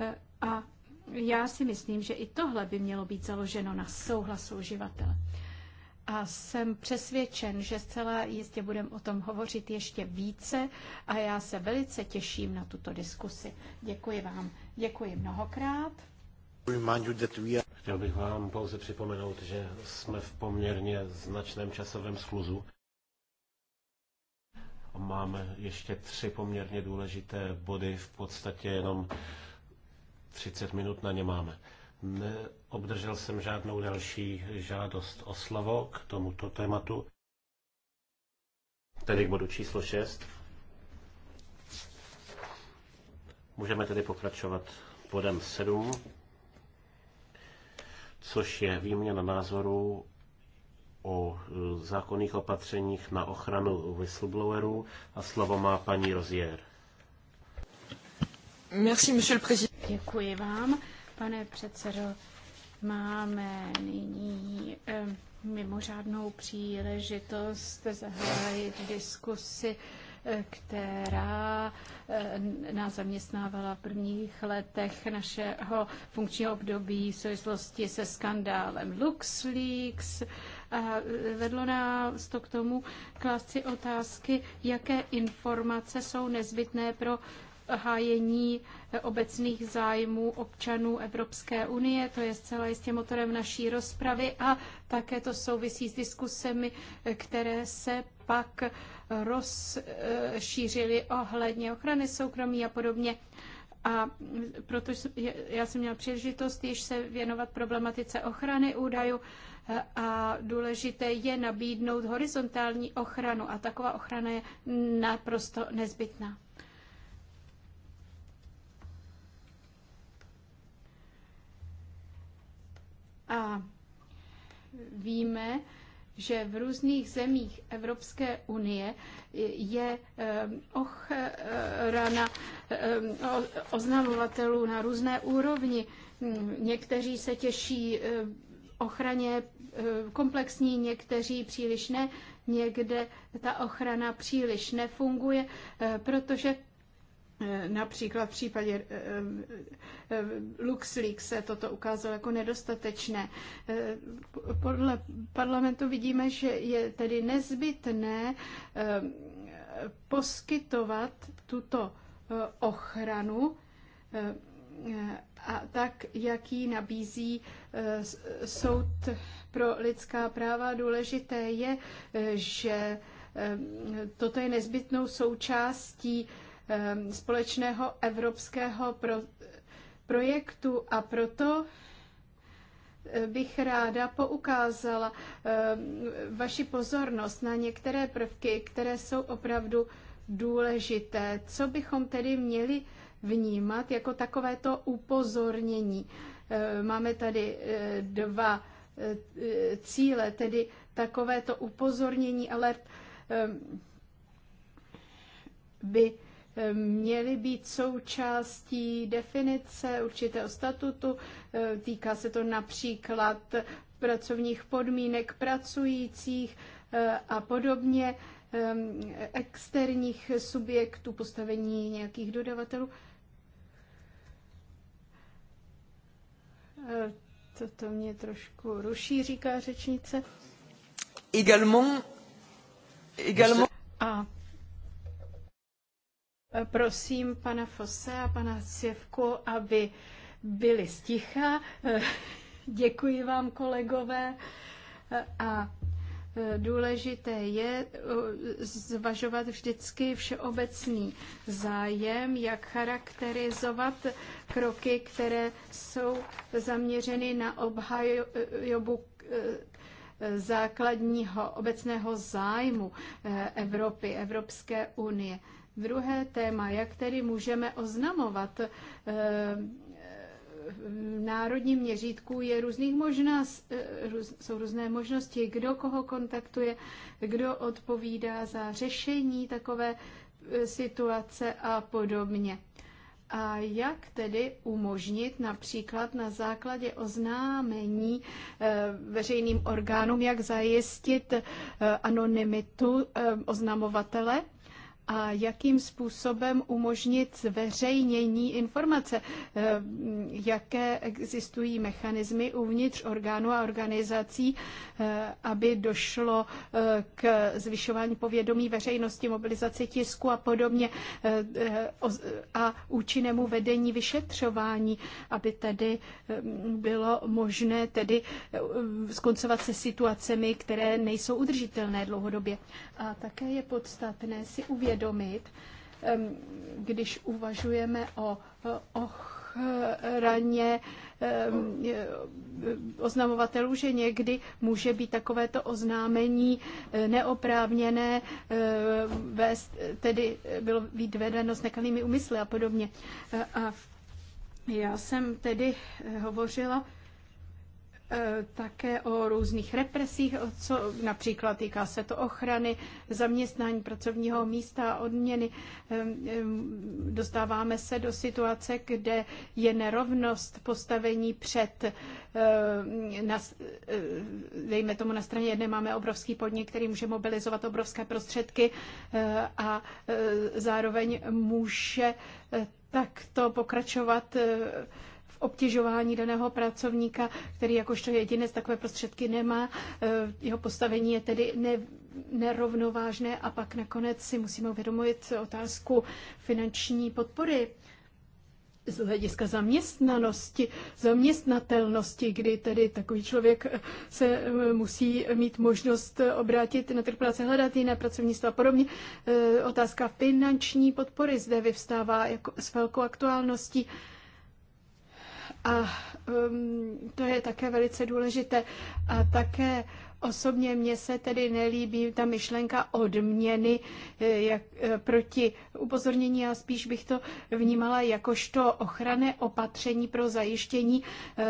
Eh, a já si myslím, že i tohle by mělo být založeno na souhlasu uživatele. A jsem přesvědčen, že zcela jistě budeme o tom hovořit ještě více a já se velice těším na tuto diskusi. Děkuji vám. Děkuji mnohokrát. Chtěl bych vám pouze připomenout, že jsme v poměrně značném časovém skluzu. Máme ještě tři poměrně důležité body, v podstatě jenom 30 minut na ně máme. Neobdržel jsem žádnou další žádost o slovo k tomuto tématu, tedy k bodu číslo 6. Můžeme tedy pokračovat bodem 7 což je výměna názorů o e, zákonných opatřeních na ochranu whistleblowerů a slovo má paní Rozier. Merci, monsieur le président. Děkuji vám, pane předsedo. Máme nyní e, mimořádnou příležitost zahájit diskusi která eh, nás zaměstnávala v prvních letech našeho funkčního období v souvislosti se skandálem LuxLeaks. A vedlo nás to k tomu klást si otázky, jaké informace jsou nezbytné pro hájení obecných zájmů občanů Evropské unie. To je zcela jistě motorem naší rozpravy a také to souvisí s diskusemi, které se pak rozšířili ohledně ochrany soukromí a podobně. A protože já jsem měla příležitost již se věnovat problematice ochrany údajů a důležité je nabídnout horizontální ochranu a taková ochrana je naprosto nezbytná. A víme, že v různých zemích Evropské unie je ehm, ochrana eh, ehm, oznamovatelů na různé úrovni. Někteří se těší eh, ochraně eh, komplexní, někteří příliš ne, někde ta ochrana příliš nefunguje, protože Eh, například v případě eh, eh, LuxLeaks se toto ukázalo jako nedostatečné. Podle parlamentu vidíme, že je tedy nezbytné poskytovat tuto ochranu a tak, jak ji nabízí soud pro lidská práva. Důležité je, že toto je nezbytnou součástí Ehm, společného evropského pro, projektu a proto eh, bych ráda poukázala ehm, vaši pozornost na některé prvky, které jsou opravdu důležité. Co bychom tedy měli vnímat jako takovéto upozornění? Ehm, máme tady eh, dva eh, cíle, tedy takovéto upozornění, ale by měly být součástí definice určitého statutu. Týká se to například pracovních podmínek pracujících eh, a podobně, eh, externích subjektů, postavení nějakých dodavatelů. Toto eh, mě trošku ruší, říká řečnice. Également, également... A Prosím pana Fose a pana Sěvku, aby byli sticha. Děkuji vám, kolegové. A důležité je uh, zvažovat vždycky všeobecný zájem, jak charakterizovat kroky, které jsou zaměřeny na obhajobu uh, základního obecného zájmu uh, Evropy, Evropské unie. Druhé téma, jak tedy můžeme oznamovat eh, v národním měřítku je různých možná, eh, jsou různé možnosti, kdo koho kontaktuje, kdo odpovídá za řešení takové eh, situace a podobně. A jak tedy umožnit například na základě oznámení veřejným orgánům, jak zajistit anonymitu oznamovatele a jakým způsobem umožnit zveřejnění informace, eh, jaké existují mechanismy uvnitř orgánů a organizací, eh, aby došlo eh, k zvyšování povědomí veřejnosti, mobilizaci tisku a podobně a účinnému vedení vyšetřování, aby tedy bylo možné tedy skoncovat se situacemi, které nejsou udržitelné dlouhodobě. A také je podstatné si uvědomit, uvědomit, když uvažujeme o ochraně oznamovatelů, že někdy může být takovéto oznámení e, neoprávněné, e, vést, tedy bylo být vedeno s nekalými úmysly a podobně. E, a já jsem tedy hovořila Eh, také o různých represích, o co například týká se to ochrany, zaměstnání pracovního místa, odměny. Dostáváme se do situace, kde je nerovnost postavení před, eh, na, eh, dejme tomu na straně jedné máme obrovský podnik, který může mobilizovat obrovské prostředky a zároveň může takto pokračovat obtěžování daného pracovníka, který jakožto jedinec takové prostředky nemá. E, jeho postavení je tedy ne, nerovnovážné a pak nakonec si musíme uvědomit otázku finanční podpory z hlediska zaměstnanosti, zaměstnatelnosti, kdy tedy takový člověk se e, musí mít možnost obrátit na trh práce, hledat jiné pracovní stav, a podobně. E, otázka finanční podpory zde vyvstává jako s velkou aktuálností. A um, to je také velice důležité. A také osobně mně se tedy nelíbí ta myšlenka odměny eh, jak, eh, proti upozornění a spíš bych to vnímala jakožto ochranné opatření pro zajištění uh,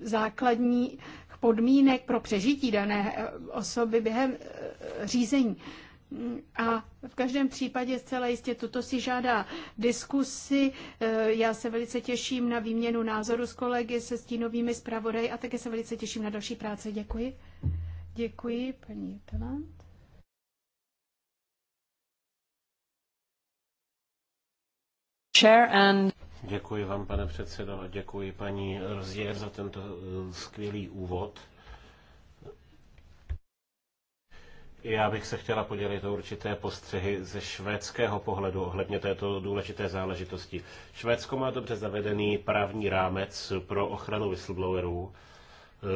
základních podmínek pro přežití dané osoby během řízení. A v každém případě zcela jistě toto si žádá diskusy. E, já se velice těším na výměnu názoru s kolegy, se stínovými zpravodaji a také se velice těším na další práce. Děkuji. Děkuji, paní Talant. Děkuji vám, pane předsedo, a děkuji paní Rozier za tento e, skvělý úvod. Já bych se chtěla podělit o určité postřehy ze švédského pohledu ohledně této důležité záležitosti. Švédsko má dobře zavedený právní rámec pro ochranu whistleblowerů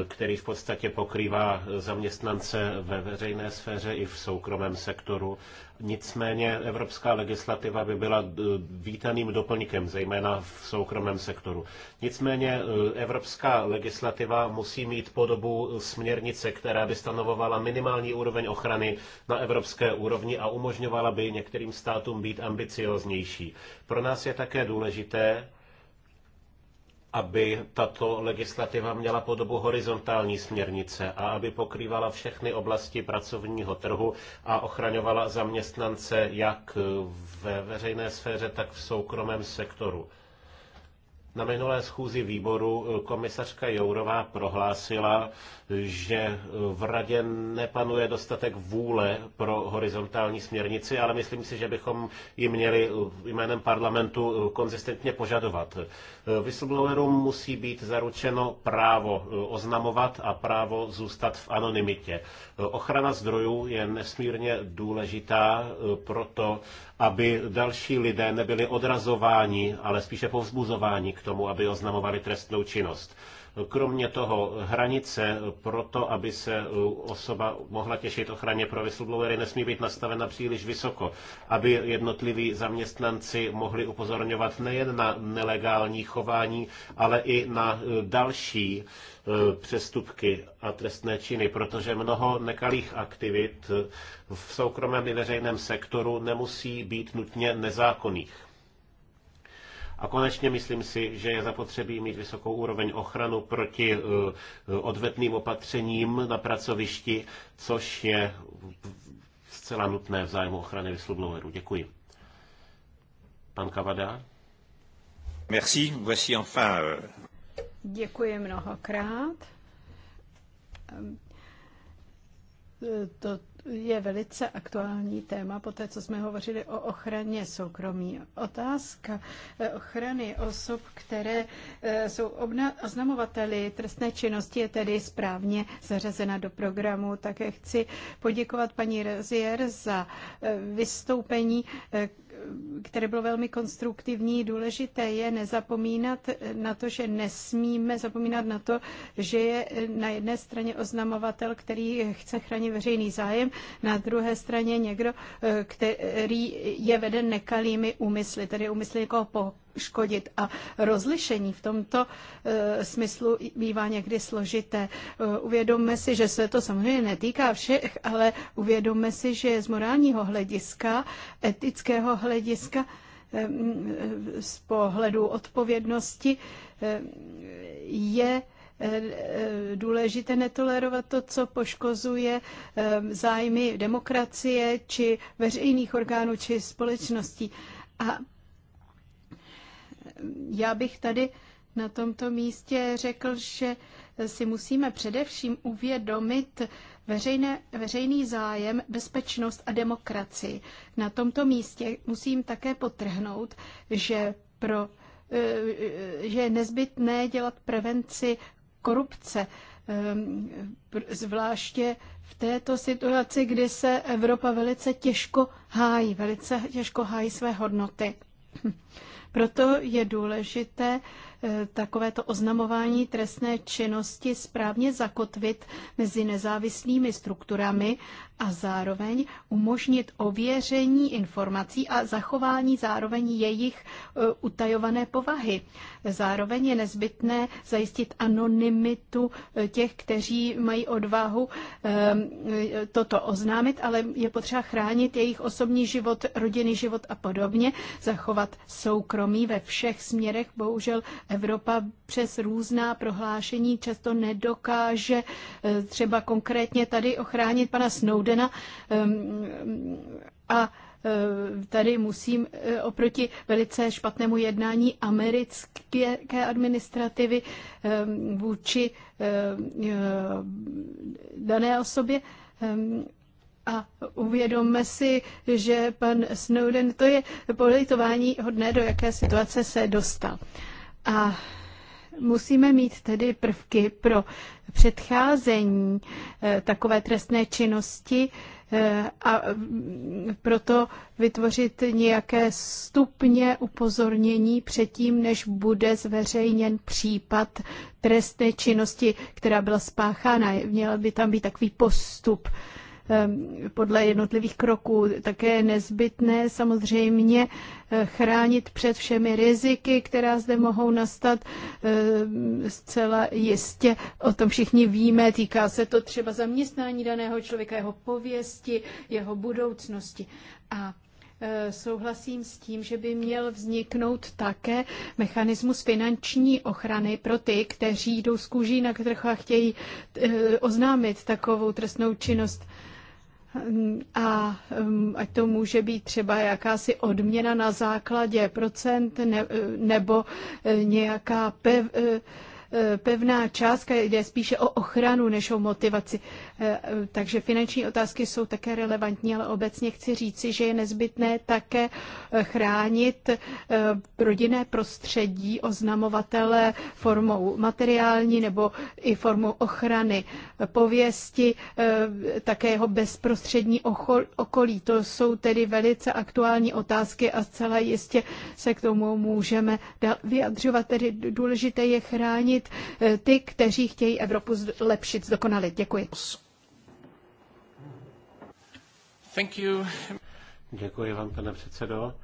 který v podstatě pokrývá zaměstnance ve veřejné sféře i v soukromém sektoru. Nicméně evropská legislativa by byla eh, vítaným doplňkem, zejména v soukromém sektoru. Nicméně eh, evropská legislativa musí mít podobu směrnice, která by stanovovala minimální úroveň ochrany na evropské úrovni a umožňovala by některým státům být ambicioznější. Pro nás je také důležité, aby tato legislativa měla podobu horizontální směrnice a aby pokrývala všechny oblasti pracovního trhu a ochraňovala zaměstnance jak ve veřejné sféře, tak v soukromém sektoru. Na minulé schůzi výboru eh, komisařka Jourová prohlásila, že eh, v radě nepanuje dostatek vůle pro horizontální směrnici, ale myslím si, že bychom ji měli eh, jménem parlamentu konzistentně požadovat. Whistleblowerům musí být zaručeno právo oznamovat a právo zůstat v anonymitě. Ochrana zdrojů je nesmírně důležitá proto, aby další lidé nebyli odrazováni, ale spíše povzbuzováni k tomu, aby oznamovali trestnou činnost. Kromě toho hranice pro to, aby se uh, osoba mohla těšit ochraně pro whistleblowery, nesmí být nastavena příliš vysoko, aby jednotliví zaměstnanci mohli upozorňovat nejen na nelegální chování, ale i na uh, další uh, přestupky a trestné činy, protože mnoho nekalých aktivit v soukromém i veřejném sektoru nemusí být nutně nezákonných. A konečně myslím si, že je zapotřebí mít vysokou úroveň ochranu proti eh, eh, odvetným opatřením na pracovišti, což je zcela nutné v zájmu ochrany whistleblowerů. Děkuji. Pan Kavada. Merci, voici enfin... Euh, Děkuji mnohokrát. Ehm, to je velice aktuální téma, po té, co jsme hovořili o ochraně soukromí. Otázka eh, ochrany osob, které eh, jsou oznamovateli trestné činnosti, je tedy správně zařazena do programu. Také chci poděkovat paní Rezier za eh, vystoupení, které bylo velmi konstruktivní. Důležité je nezapomínat na to, že nesmíme zapomínat na to, že je na jedné straně oznamovatel, který chce chránit veřejný zájem, na druhé straně někdo, eh, který je veden nekalými úmysly, tedy úmysly někoho škodit. A rozlišení v tomto e, smyslu bývá někdy složité. E, uvědomme si, že se to samozřejmě netýká všech, ale uvědomme si, že z morálního hlediska, etického hlediska, e, z pohledu odpovědnosti je důležité netolerovat to, co poškozuje zájmy demokracie či veřejných orgánů či společností. A já bych tady na tomto místě řekl, že si musíme především uvědomit veřejné, veřejný zájem, bezpečnost a demokracii. Na tomto místě musím také potrhnout, že pro eh, že je nezbytné dělat prevenci korupce, eh, zvláště v této situaci, kdy se Evropa velice těžko hájí, velice těžko hájí své hodnoty. Proto je důležité Eh, takovéto oznamování trestné činnosti správně zakotvit mezi nezávislými strukturami a zároveň umožnit ověření informací a zachování zároveň jejich eh, utajované povahy. Zároveň je nezbytné zajistit anonymitu eh, těch, kteří mají odvahu toto oznámit, ale je potřeba chránit jejich osobní život, rodinný život a podobně, zachovat soukromí ve všech směrech. Bohužel Evropa přes různá prohlášení často nedokáže eh, třeba konkrétně tady ochránit pana Snowdena ehm, a eh, tady musím eh, oproti velice špatnému jednání americké administrativy ehm, vůči dané osobě ehm, a uvědomme si, že pan Snowden, to je politování hodné, do jaké situace se dostal. A musíme mít tedy prvky pro předcházení eh, takové trestné činnosti eh, a mm, proto vytvořit nějaké stupně upozornění předtím, než bude zveřejněn případ trestné činnosti, která byla spáchána. Měl by tam být takový postup. Ehm, podle jednotlivých kroků. Také je nezbytné samozřejmě eh, chránit před všemi riziky, která zde mohou nastat. Ehm, zcela jistě o tom všichni víme. Týká se to třeba zaměstnání daného člověka, jeho pověsti, jeho budoucnosti. A eh, souhlasím s tím, že by měl vzniknout také mechanismus finanční ochrany pro ty, kteří jdou z kůží na trh a chtějí eh, oznámit takovou trestnou činnost a mm, ať to může být třeba jakási odměna na základě procent ne, nebo e, nějaká pev, e, e, pevná částka, jde spíše o ochranu než o motivaci. Eh, takže finanční otázky jsou také relevantní, ale obecně chci říci, že je nezbytné také eh, chránit eh, rodinné prostředí oznamovatele formou materiální nebo i formou ochrany pověsti, také jeho bezprostřední okolí. To jsou tedy velice aktuální otázky a zcela jistě se k tomu můžeme vyjadřovat. Tedy důležité je chránit ty, kteří chtějí Evropu zlepšit, zdokonalit. Děkuji. Thank you. Děkuji vám, pane předsedo.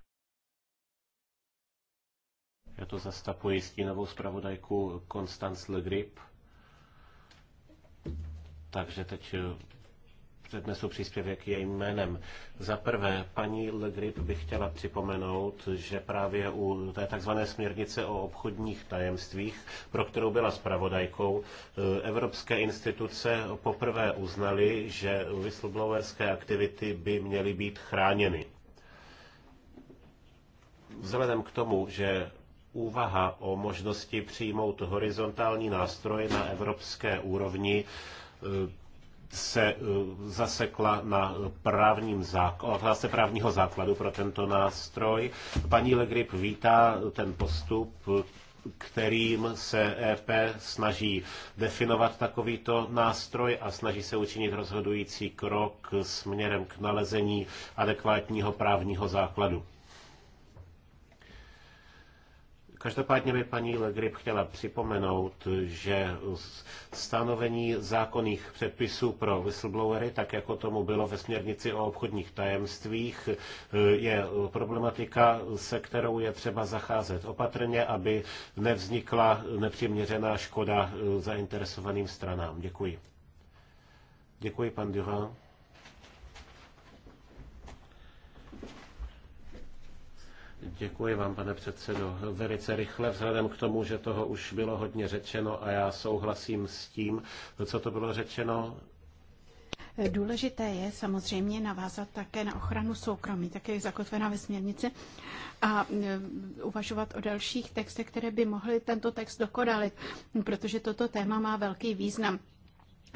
Já to zastapuji stínovou zpravodajku Konstanc Le Grip. Takže teď přednesu příspěvek jejím jménem. Za prvé, paní Le bych chtěla připomenout, že právě u té takzvané směrnice o obchodních tajemstvích, pro kterou byla spravodajkou, eh, evropské instituce poprvé uznaly, že whistleblowerské aktivity by měly být chráněny. Vzhledem k tomu, že úvaha o možnosti přijmout horizontální nástroj na evropské úrovni eh, se eh, zasekla na právním základu, právního základu pro tento nástroj. Paní Legrip vítá ten postup, kterým se EP snaží definovat takovýto nástroj a snaží se učinit rozhodující krok směrem k nalezení adekvátního právního základu. Každopádně by paní Legrip chtěla připomenout, že stanovení zákonných předpisů pro whistleblowery, tak jako tomu bylo ve směrnici o obchodních tajemstvích, je problematika, se kterou je třeba zacházet opatrně, aby nevznikla nepřiměřená škoda zainteresovaným stranám. Děkuji. Děkuji, pan Durand. Děkuji vám, pane předsedo. Velice rychle, vzhledem k tomu, že toho už bylo hodně řečeno a já souhlasím s tím, co to bylo řečeno. Důležité je samozřejmě navázat také na ochranu soukromí, také je zakotvená ve směrnici, a e, uvažovat o dalších textech, které by mohly tento text dokonalit, protože toto téma má velký význam.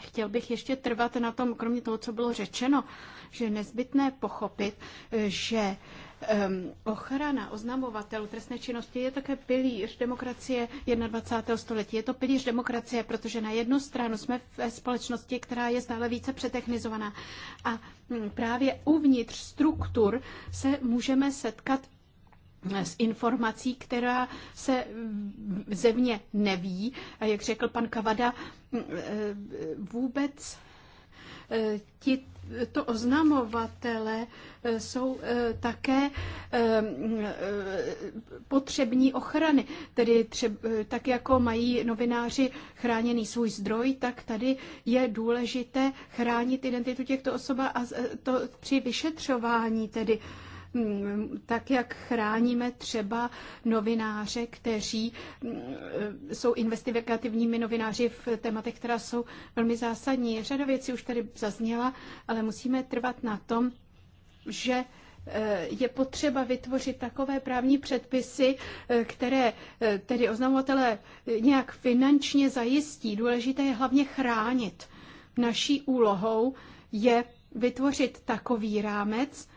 Chtěl bych ještě trvat na tom, kromě toho, co bylo řečeno, že je nezbytné pochopit, e, že Ehm, ochrana oznamovatelů trestné činnosti je také pilíř demokracie 21. století. Je to pilíř demokracie, protože na jednu stranu jsme ve společnosti, která je stále více přetechnizovaná a hm, právě uvnitř struktur se můžeme setkat hm, s informací, která se hm, zevně neví. A jak řekl pan Kavada, e, vůbec Eh, ti to oznamovatele eh, jsou eh, také potřební ochrany. Tedy třeb, tak jako mají novináři chráněný svůj zdroj, tak tady je důležité chránit identitu těchto osob a to při vyšetřování tedy Hmm, tak jak chráníme třeba novináře, kteří hmm, jsou investigativními novináři v tématech, která jsou velmi zásadní. Řada věcí už tady zazněla, ale musíme trvat na tom, že eh, je potřeba vytvořit takové právní předpisy, eh, které eh, tedy oznamovatele nějak finančně zajistí. Důležité je hlavně chránit. Naší úlohou je vytvořit takový rámec,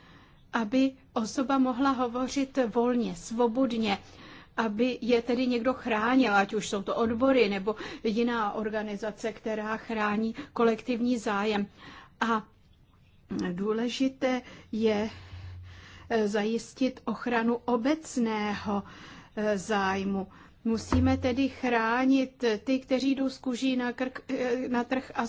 aby osoba mohla hovořit volně, svobodně, aby je tedy někdo chránil, ať už jsou to odbory nebo jiná organizace, která chrání kolektivní zájem. A důležité je e, zajistit ochranu obecného e, zájmu Musíme tedy chránit ty, kteří jdou z kuží na, krk, na trh a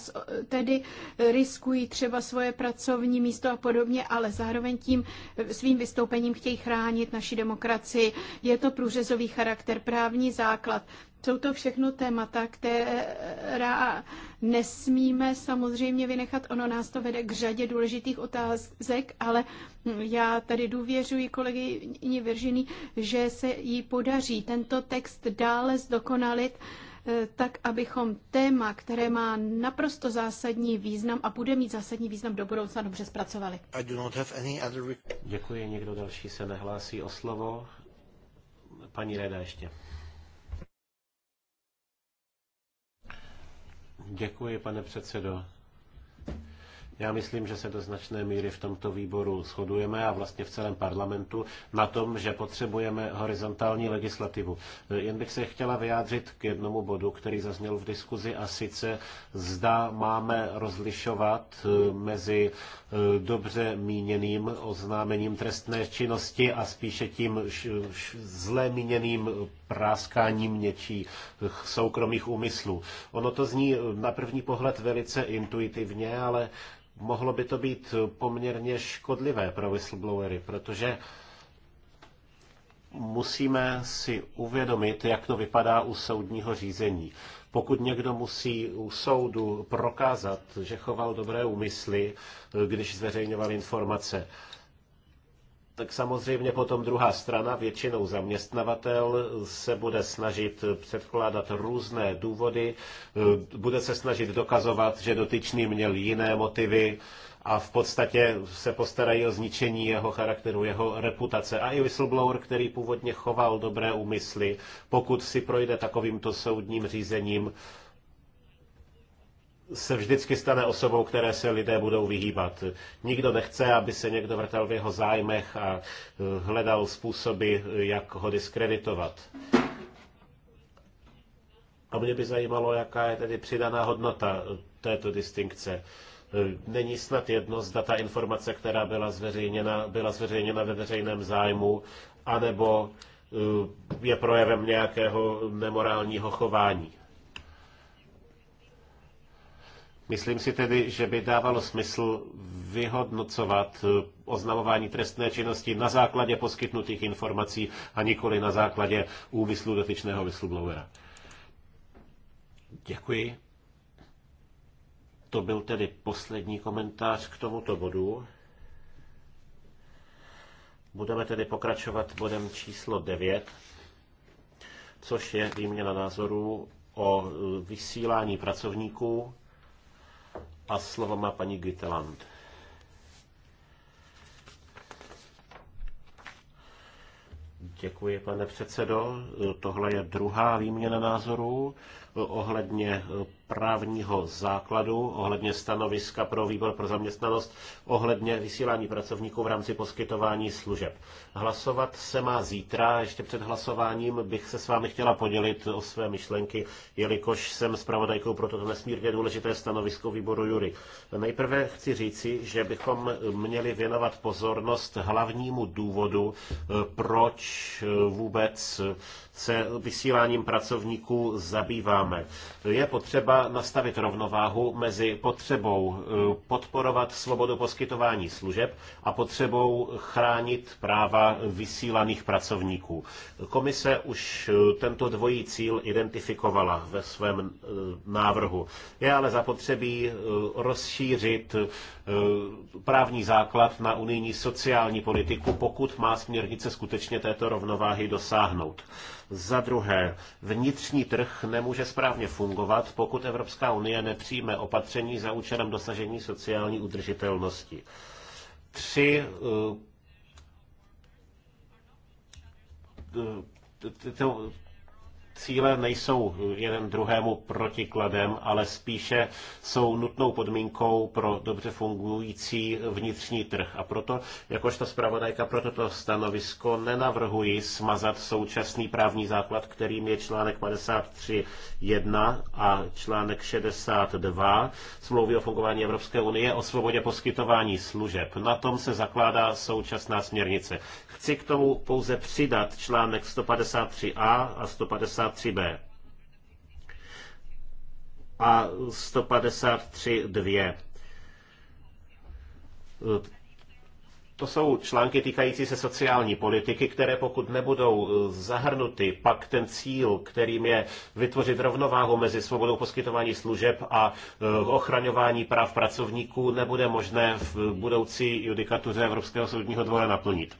tedy riskují třeba svoje pracovní místo a podobně, ale zároveň tím svým vystoupením chtějí chránit naši demokracii. Je to průřezový charakter, právní základ. Jsou to všechno témata, která nesmíme samozřejmě vynechat. Ono nás to vede k řadě důležitých otázek, ale já tady důvěřuji kolegyni Viržiny, že se jí podaří tento text dále zdokonalit eh, tak, abychom téma, které má naprosto zásadní význam a bude mít zásadní význam do budoucna, dobře zpracovali. Other... Děkuji, někdo další se nehlásí o slovo. Paní Reda ještě. Děkuji, pane předsedo. Já myslím, že se do značné míry v tomto výboru shodujeme a vlastně v celém parlamentu na tom, že potřebujeme horizontální legislativu. Jen bych se chtěla vyjádřit k jednomu bodu, který zazněl v diskuzi a sice zda máme rozlišovat eh, mezi eh, dobře míněným oznámením trestné činnosti a spíše tím zle míněným práskáním něčí eh, soukromých úmyslů. Ono to zní eh, na první pohled velice intuitivně, ale mohlo by to být eh, poměrně škodlivé pro whistleblowery, protože musíme si uvědomit, jak to vypadá u soudního řízení. Pokud někdo musí u soudu prokázat, že choval dobré úmysly, když zveřejňoval informace, tak samozřejmě potom druhá strana, většinou zaměstnavatel, se bude snažit předkládat různé důvody, eh, bude se snažit dokazovat, že dotyčný měl jiné motivy a v podstatě se postarají o zničení jeho charakteru, jeho reputace. A i whistleblower, který původně choval dobré úmysly, pokud si projde takovýmto soudním řízením, se vždycky stane osobou, které se lidé budou vyhýbat. Nikdo nechce, aby se někdo vrtal v jeho zájmech a eh, hledal způsoby, eh, jak ho diskreditovat. A mě by zajímalo, jaká je tedy přidaná hodnota eh, této distinkce. Není snad jedno, zda ta informace, která byla zveřejněna, byla zveřejněna ve veřejném zájmu, anebo je projevem nějakého nemorálního chování. Myslím si tedy, že by dávalo smysl vyhodnocovat eh, oznamování trestné činnosti na základě poskytnutých informací a nikoli na základě úmyslu dotyčného whistleblowera. Děkuji. To byl tedy poslední komentář k tomuto bodu. Budeme tedy pokračovat bodem číslo 9, což je výměna názorů o eh, vysílání pracovníků a slovo má paní Gitteland. Děkuji, pane předsedo. Tohle je druhá výměna názorů ohledně právního základu ohledně stanoviska pro výbor pro zaměstnanost ohledně vysílání pracovníků v rámci poskytování služeb. Hlasovat se má zítra, ještě před hlasováním bych se s vámi chtěla podělit o své myšlenky, jelikož jsem zpravodajkou pro toto nesmírně důležité stanovisko výboru Jury. Nejprve chci říci, že bychom měli věnovat pozornost hlavnímu důvodu, proč vůbec se vysíláním pracovníků zabýváme. Je potřeba nastavit rovnováhu mezi potřebou eh, podporovat svobodu poskytování služeb a potřebou chránit práva vysílaných pracovníků. Komise už eh, tento dvojí cíl identifikovala ve svém eh, návrhu. Je ale zapotřebí rozšířit právní základ na unijní sociální politiku, pokud má směrnice skutečně této rovnováhy dosáhnout. Za druhé, vnitřní trh nemůže správně fungovat, pokud Evropská unie nepřijme opatření za účelem dosažení sociální udržitelnosti. Tři eh, eh, eh, cíle nejsou jeden druhému protikladem, ale spíše jsou nutnou podmínkou pro dobře fungující vnitřní trh. A proto, jakožto zpravodajka pro toto stanovisko, nenavrhuji smazat současný právní základ, kterým je článek 53.1 a článek 62 smlouvy o fungování Evropské unie o svobodě poskytování služeb. Na tom se zakládá současná směrnice. Chci k tomu pouze přidat článek 153a a 153 153b a 153.2. To jsou články týkající se sociální politiky, které pokud nebudou zahrnuty, pak ten cíl, kterým je vytvořit rovnováhu mezi svobodou poskytování služeb a e, ochraňování práv pracovníků, nebude možné v budoucí judikatuře Evropského soudního dvora naplnit.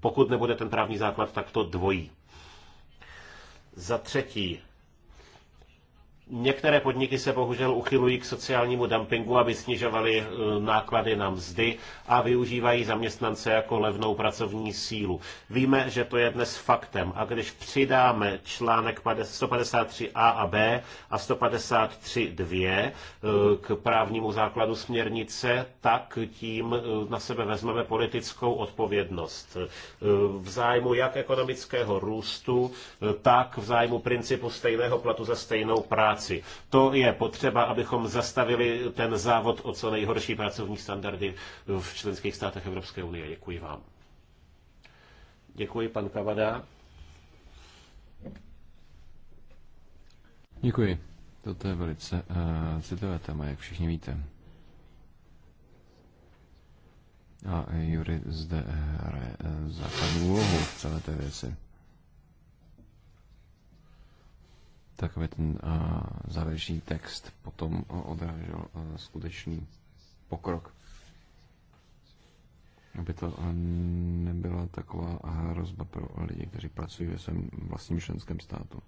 Pokud nebude ten právní základ tak to dvojí. Za třetí, Některé podniky se bohužel uchylují k sociálnímu dumpingu, aby snižovaly eh, náklady na mzdy a využívají zaměstnance jako levnou pracovní sílu. Víme, že to je dnes faktem a když přidáme článek 153a a b a 153.2 eh, k právnímu základu směrnice, tak tím eh, na sebe vezmeme politickou odpovědnost. V zájmu jak ekonomického růstu, tak v zájmu principu stejného platu za stejnou práci práci. To je potřeba, abychom zastavili ten závod o co nejhorší pracovní standardy v členských státech Evropské unie. Děkuji vám. Děkuji, pan Kavada. Děkuji. Toto je velice uh, eh, citové téma, jak všichni víte. A Jury zde hraje eh, základní úlohu v celé té věci. tak aby ten závěrečný text potom odrážel skutečný pokrok. Aby to nebyla taková hrozba pro lidi, kteří pracují ve svém vlastním členském státu.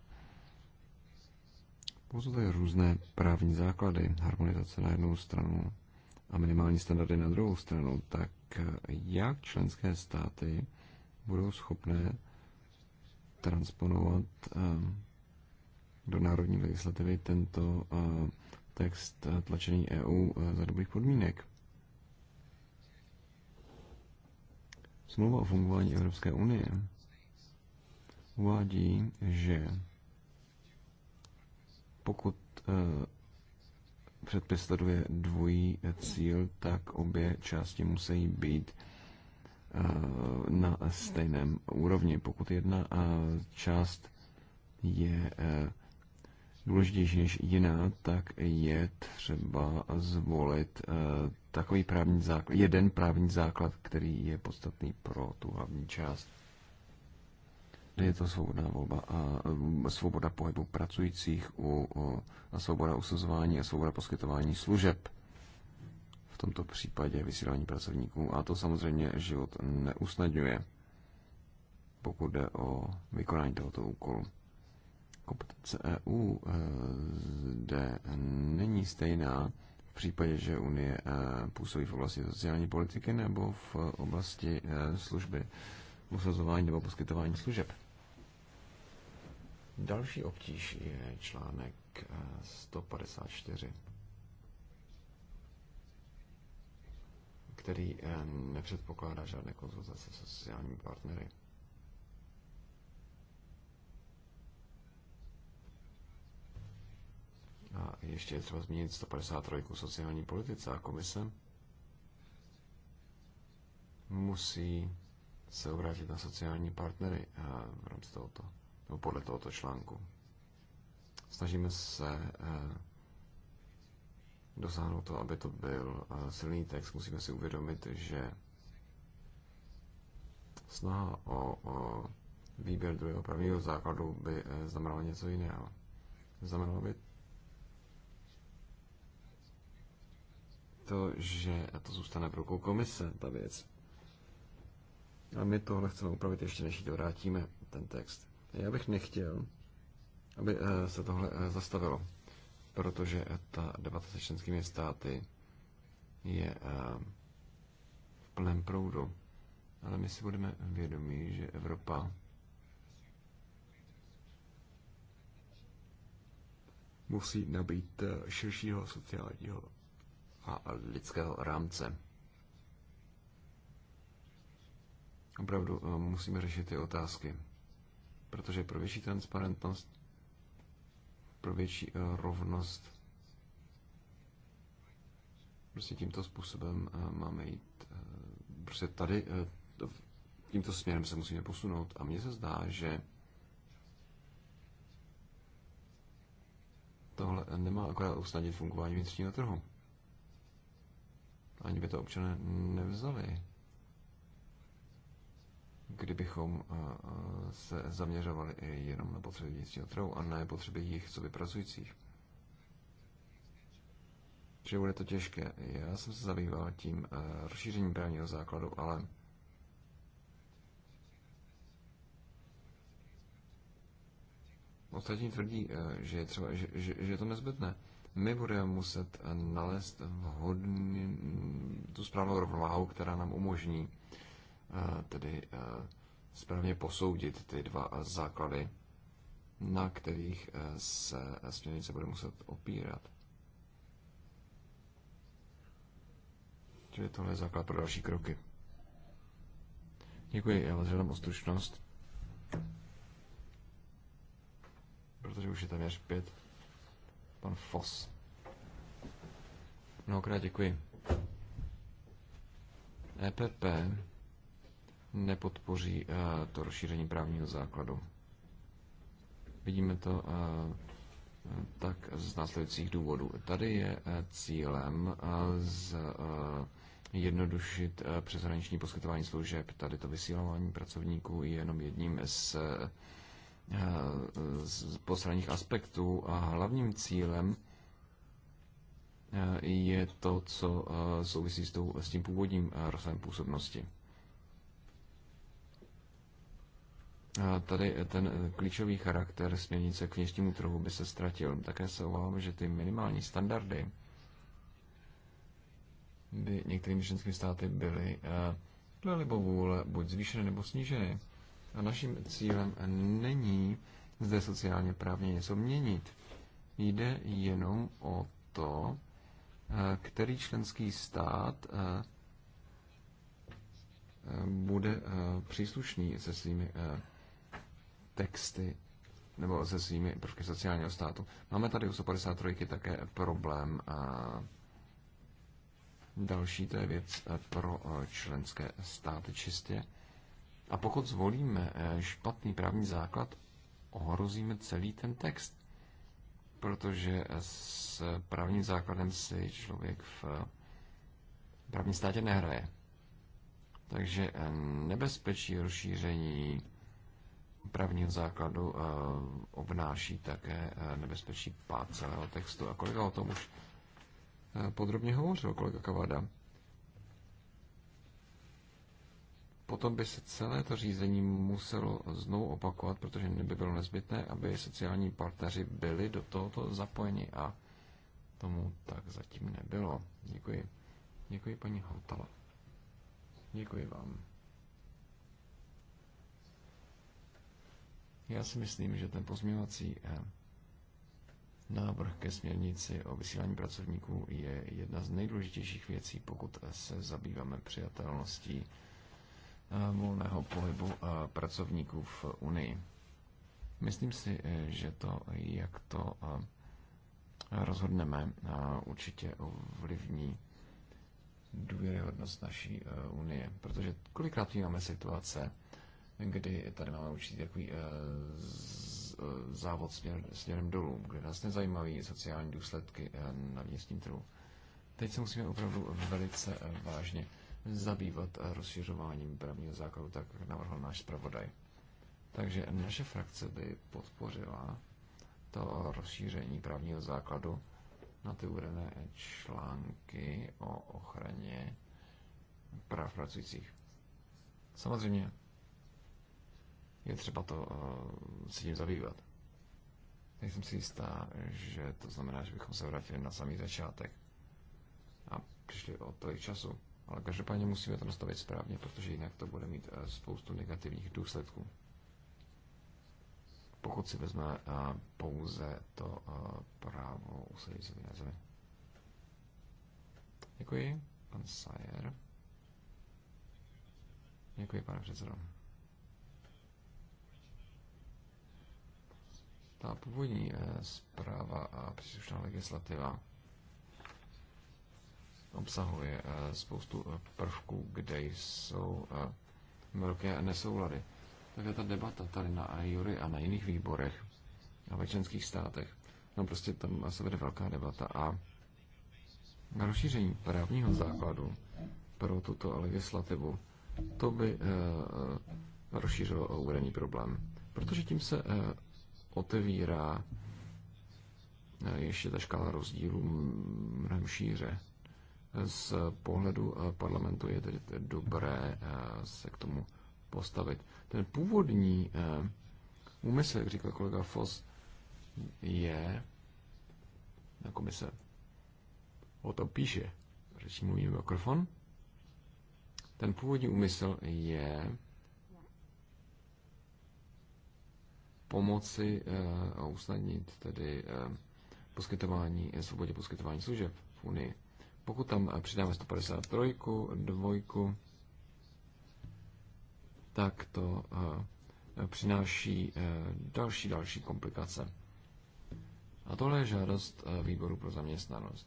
Pouze je různé právní základy, harmonizace na jednu stranu a minimální standardy na druhou stranu, tak jak členské státy budou schopné transponovat um, do národní legislativy tento eh, text eh, tlačený EU eh, za dobrých podmínek. Smlouva o fungování Evropské unie uvádí, že pokud předpis sleduje dvojí cíl, tak obě části musí být na stejném úrovni. Pokud jedna část je důležitější než jiná, tak je třeba zvolit eh, takový právní základ, jeden právní základ, který je podstatný pro tu hlavní část. Je to svobodná volba a eh, svoboda pohybu pracujících u, a svoboda usuzování a svoboda poskytování služeb. V tomto případě vysílání pracovníků a to samozřejmě život neusnadňuje, pokud jde o vykonání tohoto úkolu kompetence EU eh, zde není stejná v případě, že Unie eh, působí v oblasti sociální politiky nebo v oblasti eh, služby usazování nebo poskytování služeb. Další obtíž je článek 154, který nepředpokládá žádné konzultace se sociálními partnery. A ještě je třeba změnit 153 sociální politice a komise musí se obrátit na sociální partnery eh, v rámci tohoto, nebo podle tohoto článku. Snažíme se eh, dosáhnout to, aby to byl eh, silný text. Musíme si uvědomit, že snaha o, o výběr druhého pravního základu by znamenala něco jiného. Znamenalo by to, že to zůstane v rukou komise, ta věc. A my tohle chceme upravit ještě, než ji dorátíme, ten text. Já bych nechtěl, aby eh, se tohle eh, zastavilo, protože ta debata se členskými státy je eh, v plném proudu. Ale my si budeme vědomí, že Evropa musí nabít širšího sociálního a lidského rámce. Opravdu eh, musíme řešit ty otázky, protože pro větší transparentnost, pro větší eh, rovnost, prostě tímto způsobem eh, máme jít. Prostě tady tímto směrem se musíme posunout a mně se zdá, že tohle nemá akorát usnadnit fungování vnitřního trhu ani by to občané nevzali, kdybychom eh, eh, se zaměřovali i jenom na potřeby vnitřního trhu a na potřeby jich, co vypracujících. Že bude to těžké. Já jsem se zabýval tím eh, rozšířením právního základu, ale ostatní tvrdí, že je, třeba, že, že, že je to nezbytné. My budeme muset nalézt vhodný, tu správnou rovnováhu, která nám umožní eh, tedy eh, správně posoudit ty dva základy, na kterých eh, se směrnice bude muset opírat. Čili tohle je základ pro další kroky. Děkuji, já vás žádám o stručnost, protože už je až pět pan Fos. Mnohokrát děkuji. EPP nepodpoří eh, to rozšíření právního základu. Vidíme to eh, tak z následujících důvodů. Tady je eh, cílem z jednodušit přeshraniční poskytování služeb. Tady to vysílání pracovníků je jenom jedním z z posledních aspektů a hlavním cílem eh, je to, co eh, souvisí s, tou, s tím původním eh, rozsahem působnosti. Tady ten klíčový charakter směrnice k vnitřnímu trhu by se ztratil. Také se obávám, že ty minimální standardy by některými členskými státy byly byly libovůle buď zvýšeny nebo sníženy. A naším cílem není zde sociálně právně něco měnit. Jde jenom o to, eh, který členský stát eh, bude eh, příslušný se svými texty nebo se svými prvky sociálního státu. Máme tady u 153 také problém a další, to je věc pro členské státy čistě. A pokud zvolíme eh, špatný právní základ, ohrozíme celý ten text. Protože eh, s právním základem si člověk v eh, právním státě nehraje. Takže nebezpečí rozšíření právního základu obnáší také nebezpečí pád celého textu. A kolega o tom už podrobně hovořil, kolega Kavada. potom by se celé to řízení muselo znovu opakovat, protože by bylo nezbytné, aby sociální partneři byli do tohoto zapojeni a tomu tak zatím nebylo. Děkuji. Děkuji paní Hautala. Děkuji vám. Já si myslím, že ten pozměňovací eh, návrh ke směrnici o vysílání pracovníků je jedna z nejdůležitějších věcí, pokud se zabýváme přijatelností Eh, volného pohybu eh, pracovníků v Unii. Myslím si, eh, že to, jak to rozhodneme, určitě ovlivní důvěryhodnost naší Unie, protože kolikrát máme situace, kdy tady máme určitý takový závod směr, směrem dolů, kde nás nezajímají sociální důsledky na vnitřním trhu. Teď se musíme opravdu velice vážně zabývat rozšiřováním právního základu, tak jak navrhl náš zpravodaj. Takže naše frakce by podpořila to rozšíření právního základu na ty uvedené články o ochraně práv pracujících. Samozřejmě je třeba to uh, eh, si tím zabývat. Nejsem si jistá, že to znamená, že bychom se vrátili na samý začátek a přišli o tolik času. Ale každopádně musíme to nastavit správně, protože jinak to bude mít eh, spoustu negativních důsledků. Pokud si vezme eh, pouze to eh, právo usadit na zemi. Děkuji, pan Sayer. Děkuji, pane předsedo. Ta původní zpráva a příslušná legislativa obsahuje eh, spoustu eh, prvků, kde jsou velké eh, nesoulady. Takže ta debata tady na Jury a na jiných výborech a ve členských státech, no prostě tam se vede velká debata a na rozšíření právního základu pro tuto legislativu, to by rozšířilo uvedený problém. Protože tím se otevírá ještě ta škála rozdílů mnohem šíře z pohledu eh, parlamentu je tedy dobré eh, se k tomu postavit. Ten původní eh, úmysl, jak říkal kolega Foss, je, na komise o tom píše, řečí mluví mikrofon, ten původní úmysl je pomoci a usnadnit tedy poskytování, svobodě poskytování služeb v Unii. Pokud tam eh, přidáme 153, dvojku, tak to eh, přináší eh, další, další komplikace. A tohle je žádost výboru pro zaměstnanost,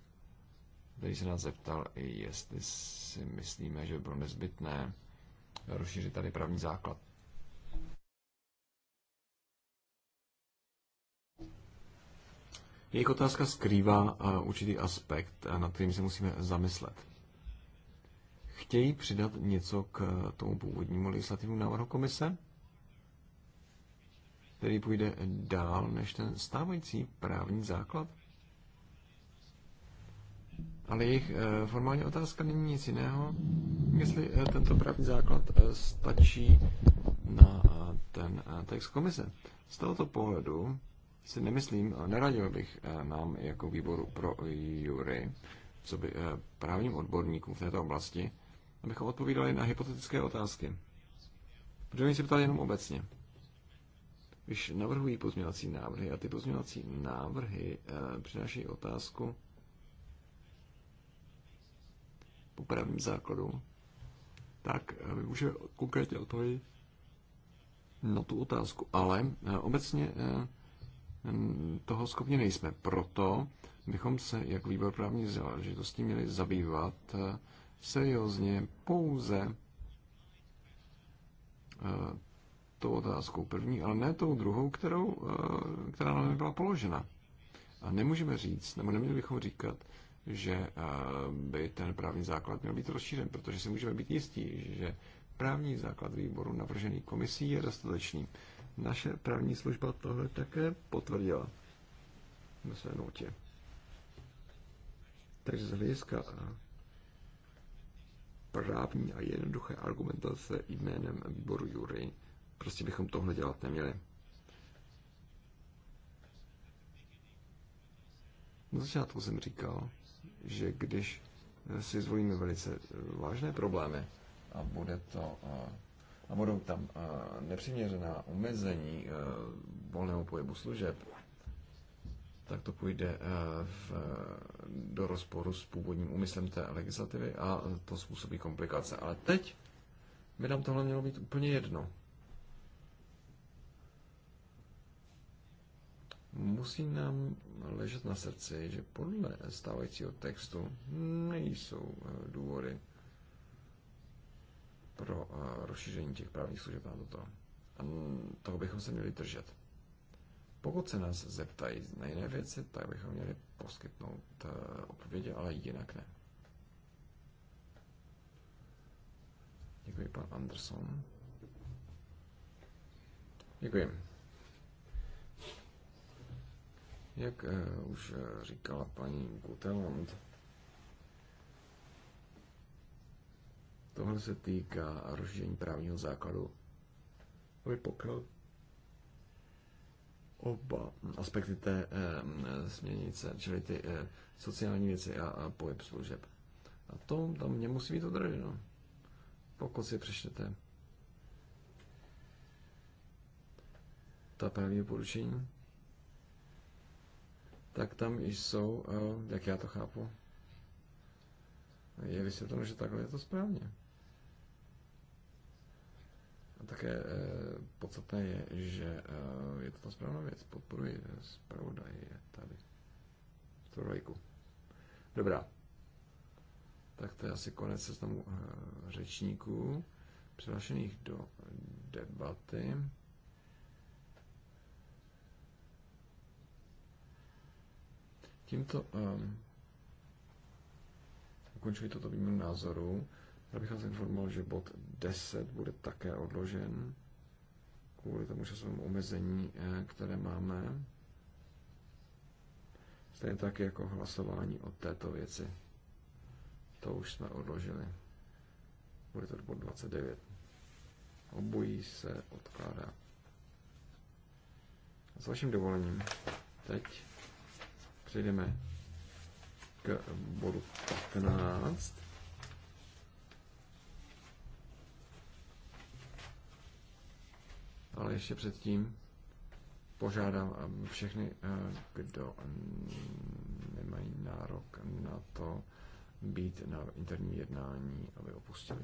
který se nás zeptal, jestli si myslíme, že by bylo nezbytné rozšířit tady právní základ. Jejich otázka skrývá eh, určitý aspekt, eh, nad kterým se musíme zamyslet. Chtějí přidat něco k eh, tomu původnímu legislativnímu návrhu komise, který půjde dál než ten stávající právní základ? Ale jejich formální otázka není nic jiného, jestli tento právní základ stačí na ten text komise. Z tohoto pohledu si nemyslím, neradil bych eh, nám jako výboru pro jury, co by eh, právním odborníkům v této oblasti, abychom odpovídali na hypotetické otázky. Protože oni se ptali jenom obecně. Když navrhují pozměňovací návrhy a ty pozměňovací návrhy eh, přinášejí otázku po právním základu, tak my můžeme konkrétně odpovědět na tu otázku. Ale obecně toho schopni nejsme. Proto bychom se jako výbor právní záležitosti, měli zabývat eh, seriózně pouze eh, tou otázkou první, ale ne tou druhou, kterou, eh, která nám byla položena. A nemůžeme říct, nebo neměli bychom říkat, že by ten právní základ měl být rozšířen, protože si můžeme být jistí, že právní základ výboru navržený komisí je dostatečný. Naše právní služba tohle také potvrdila ve své notě. Takže z hlediska právní a jednoduché argumentace jménem výboru jury prostě bychom tohle dělat neměli. Na začátku jsem říkal, že když si zvolíme velice vážné problémy a bude to eh, a budou tam eh, nepřiměřená omezení eh, volného pohybu služeb, tak to půjde eh, v, do rozporu s původním úmyslem té legislativy a to způsobí komplikace. Ale teď by nám tohle mělo být úplně jedno. Musí nám ležet na srdci, že podle stávajícího textu nejsou důvody pro eh, rozšíření těch právních služeb na toto. A toho bychom se měli držet. Pokud se nás zeptají na jiné věci, tak bychom měli poskytnout eh, odpovědi, ale jinak ne. Děkuji, pan Anderson. Děkuji. Jak uh, už říkala paní Gutelund? Tohle se týká rozšíření právního základu, aby pokryl oba aspekty té e, směrnice, čili ty e, sociální věci a, a pojem služeb. A to tam mě musí být odraženo, pokud si přečtete ta právní poručení, tak tam jsou, eh, jak já to chápu, je vysvětleno, že takhle je to správně. A také eh, podstatné je, že eh, je to ta správná věc. Podporuji eh, zpravodaje tady. V trojku. Dobrá. Tak to je asi konec seznamu řečníků přihlašených do debaty. Tímto um, ukončuji toto výměnu názoru. Já bych vás informoval, že bod 10 bude také odložen kvůli tomu časovému omezení, eh, které máme. Stejně tak jako hlasování o této věci. To už jsme odložili. Bude to bod 29. Obojí se odkládá. S vaším dovolením teď přejdeme k bodu 15. ale ještě předtím požádám eh, všechny, eh, kdo nemají nárok na to být na interním jednání, aby opustili.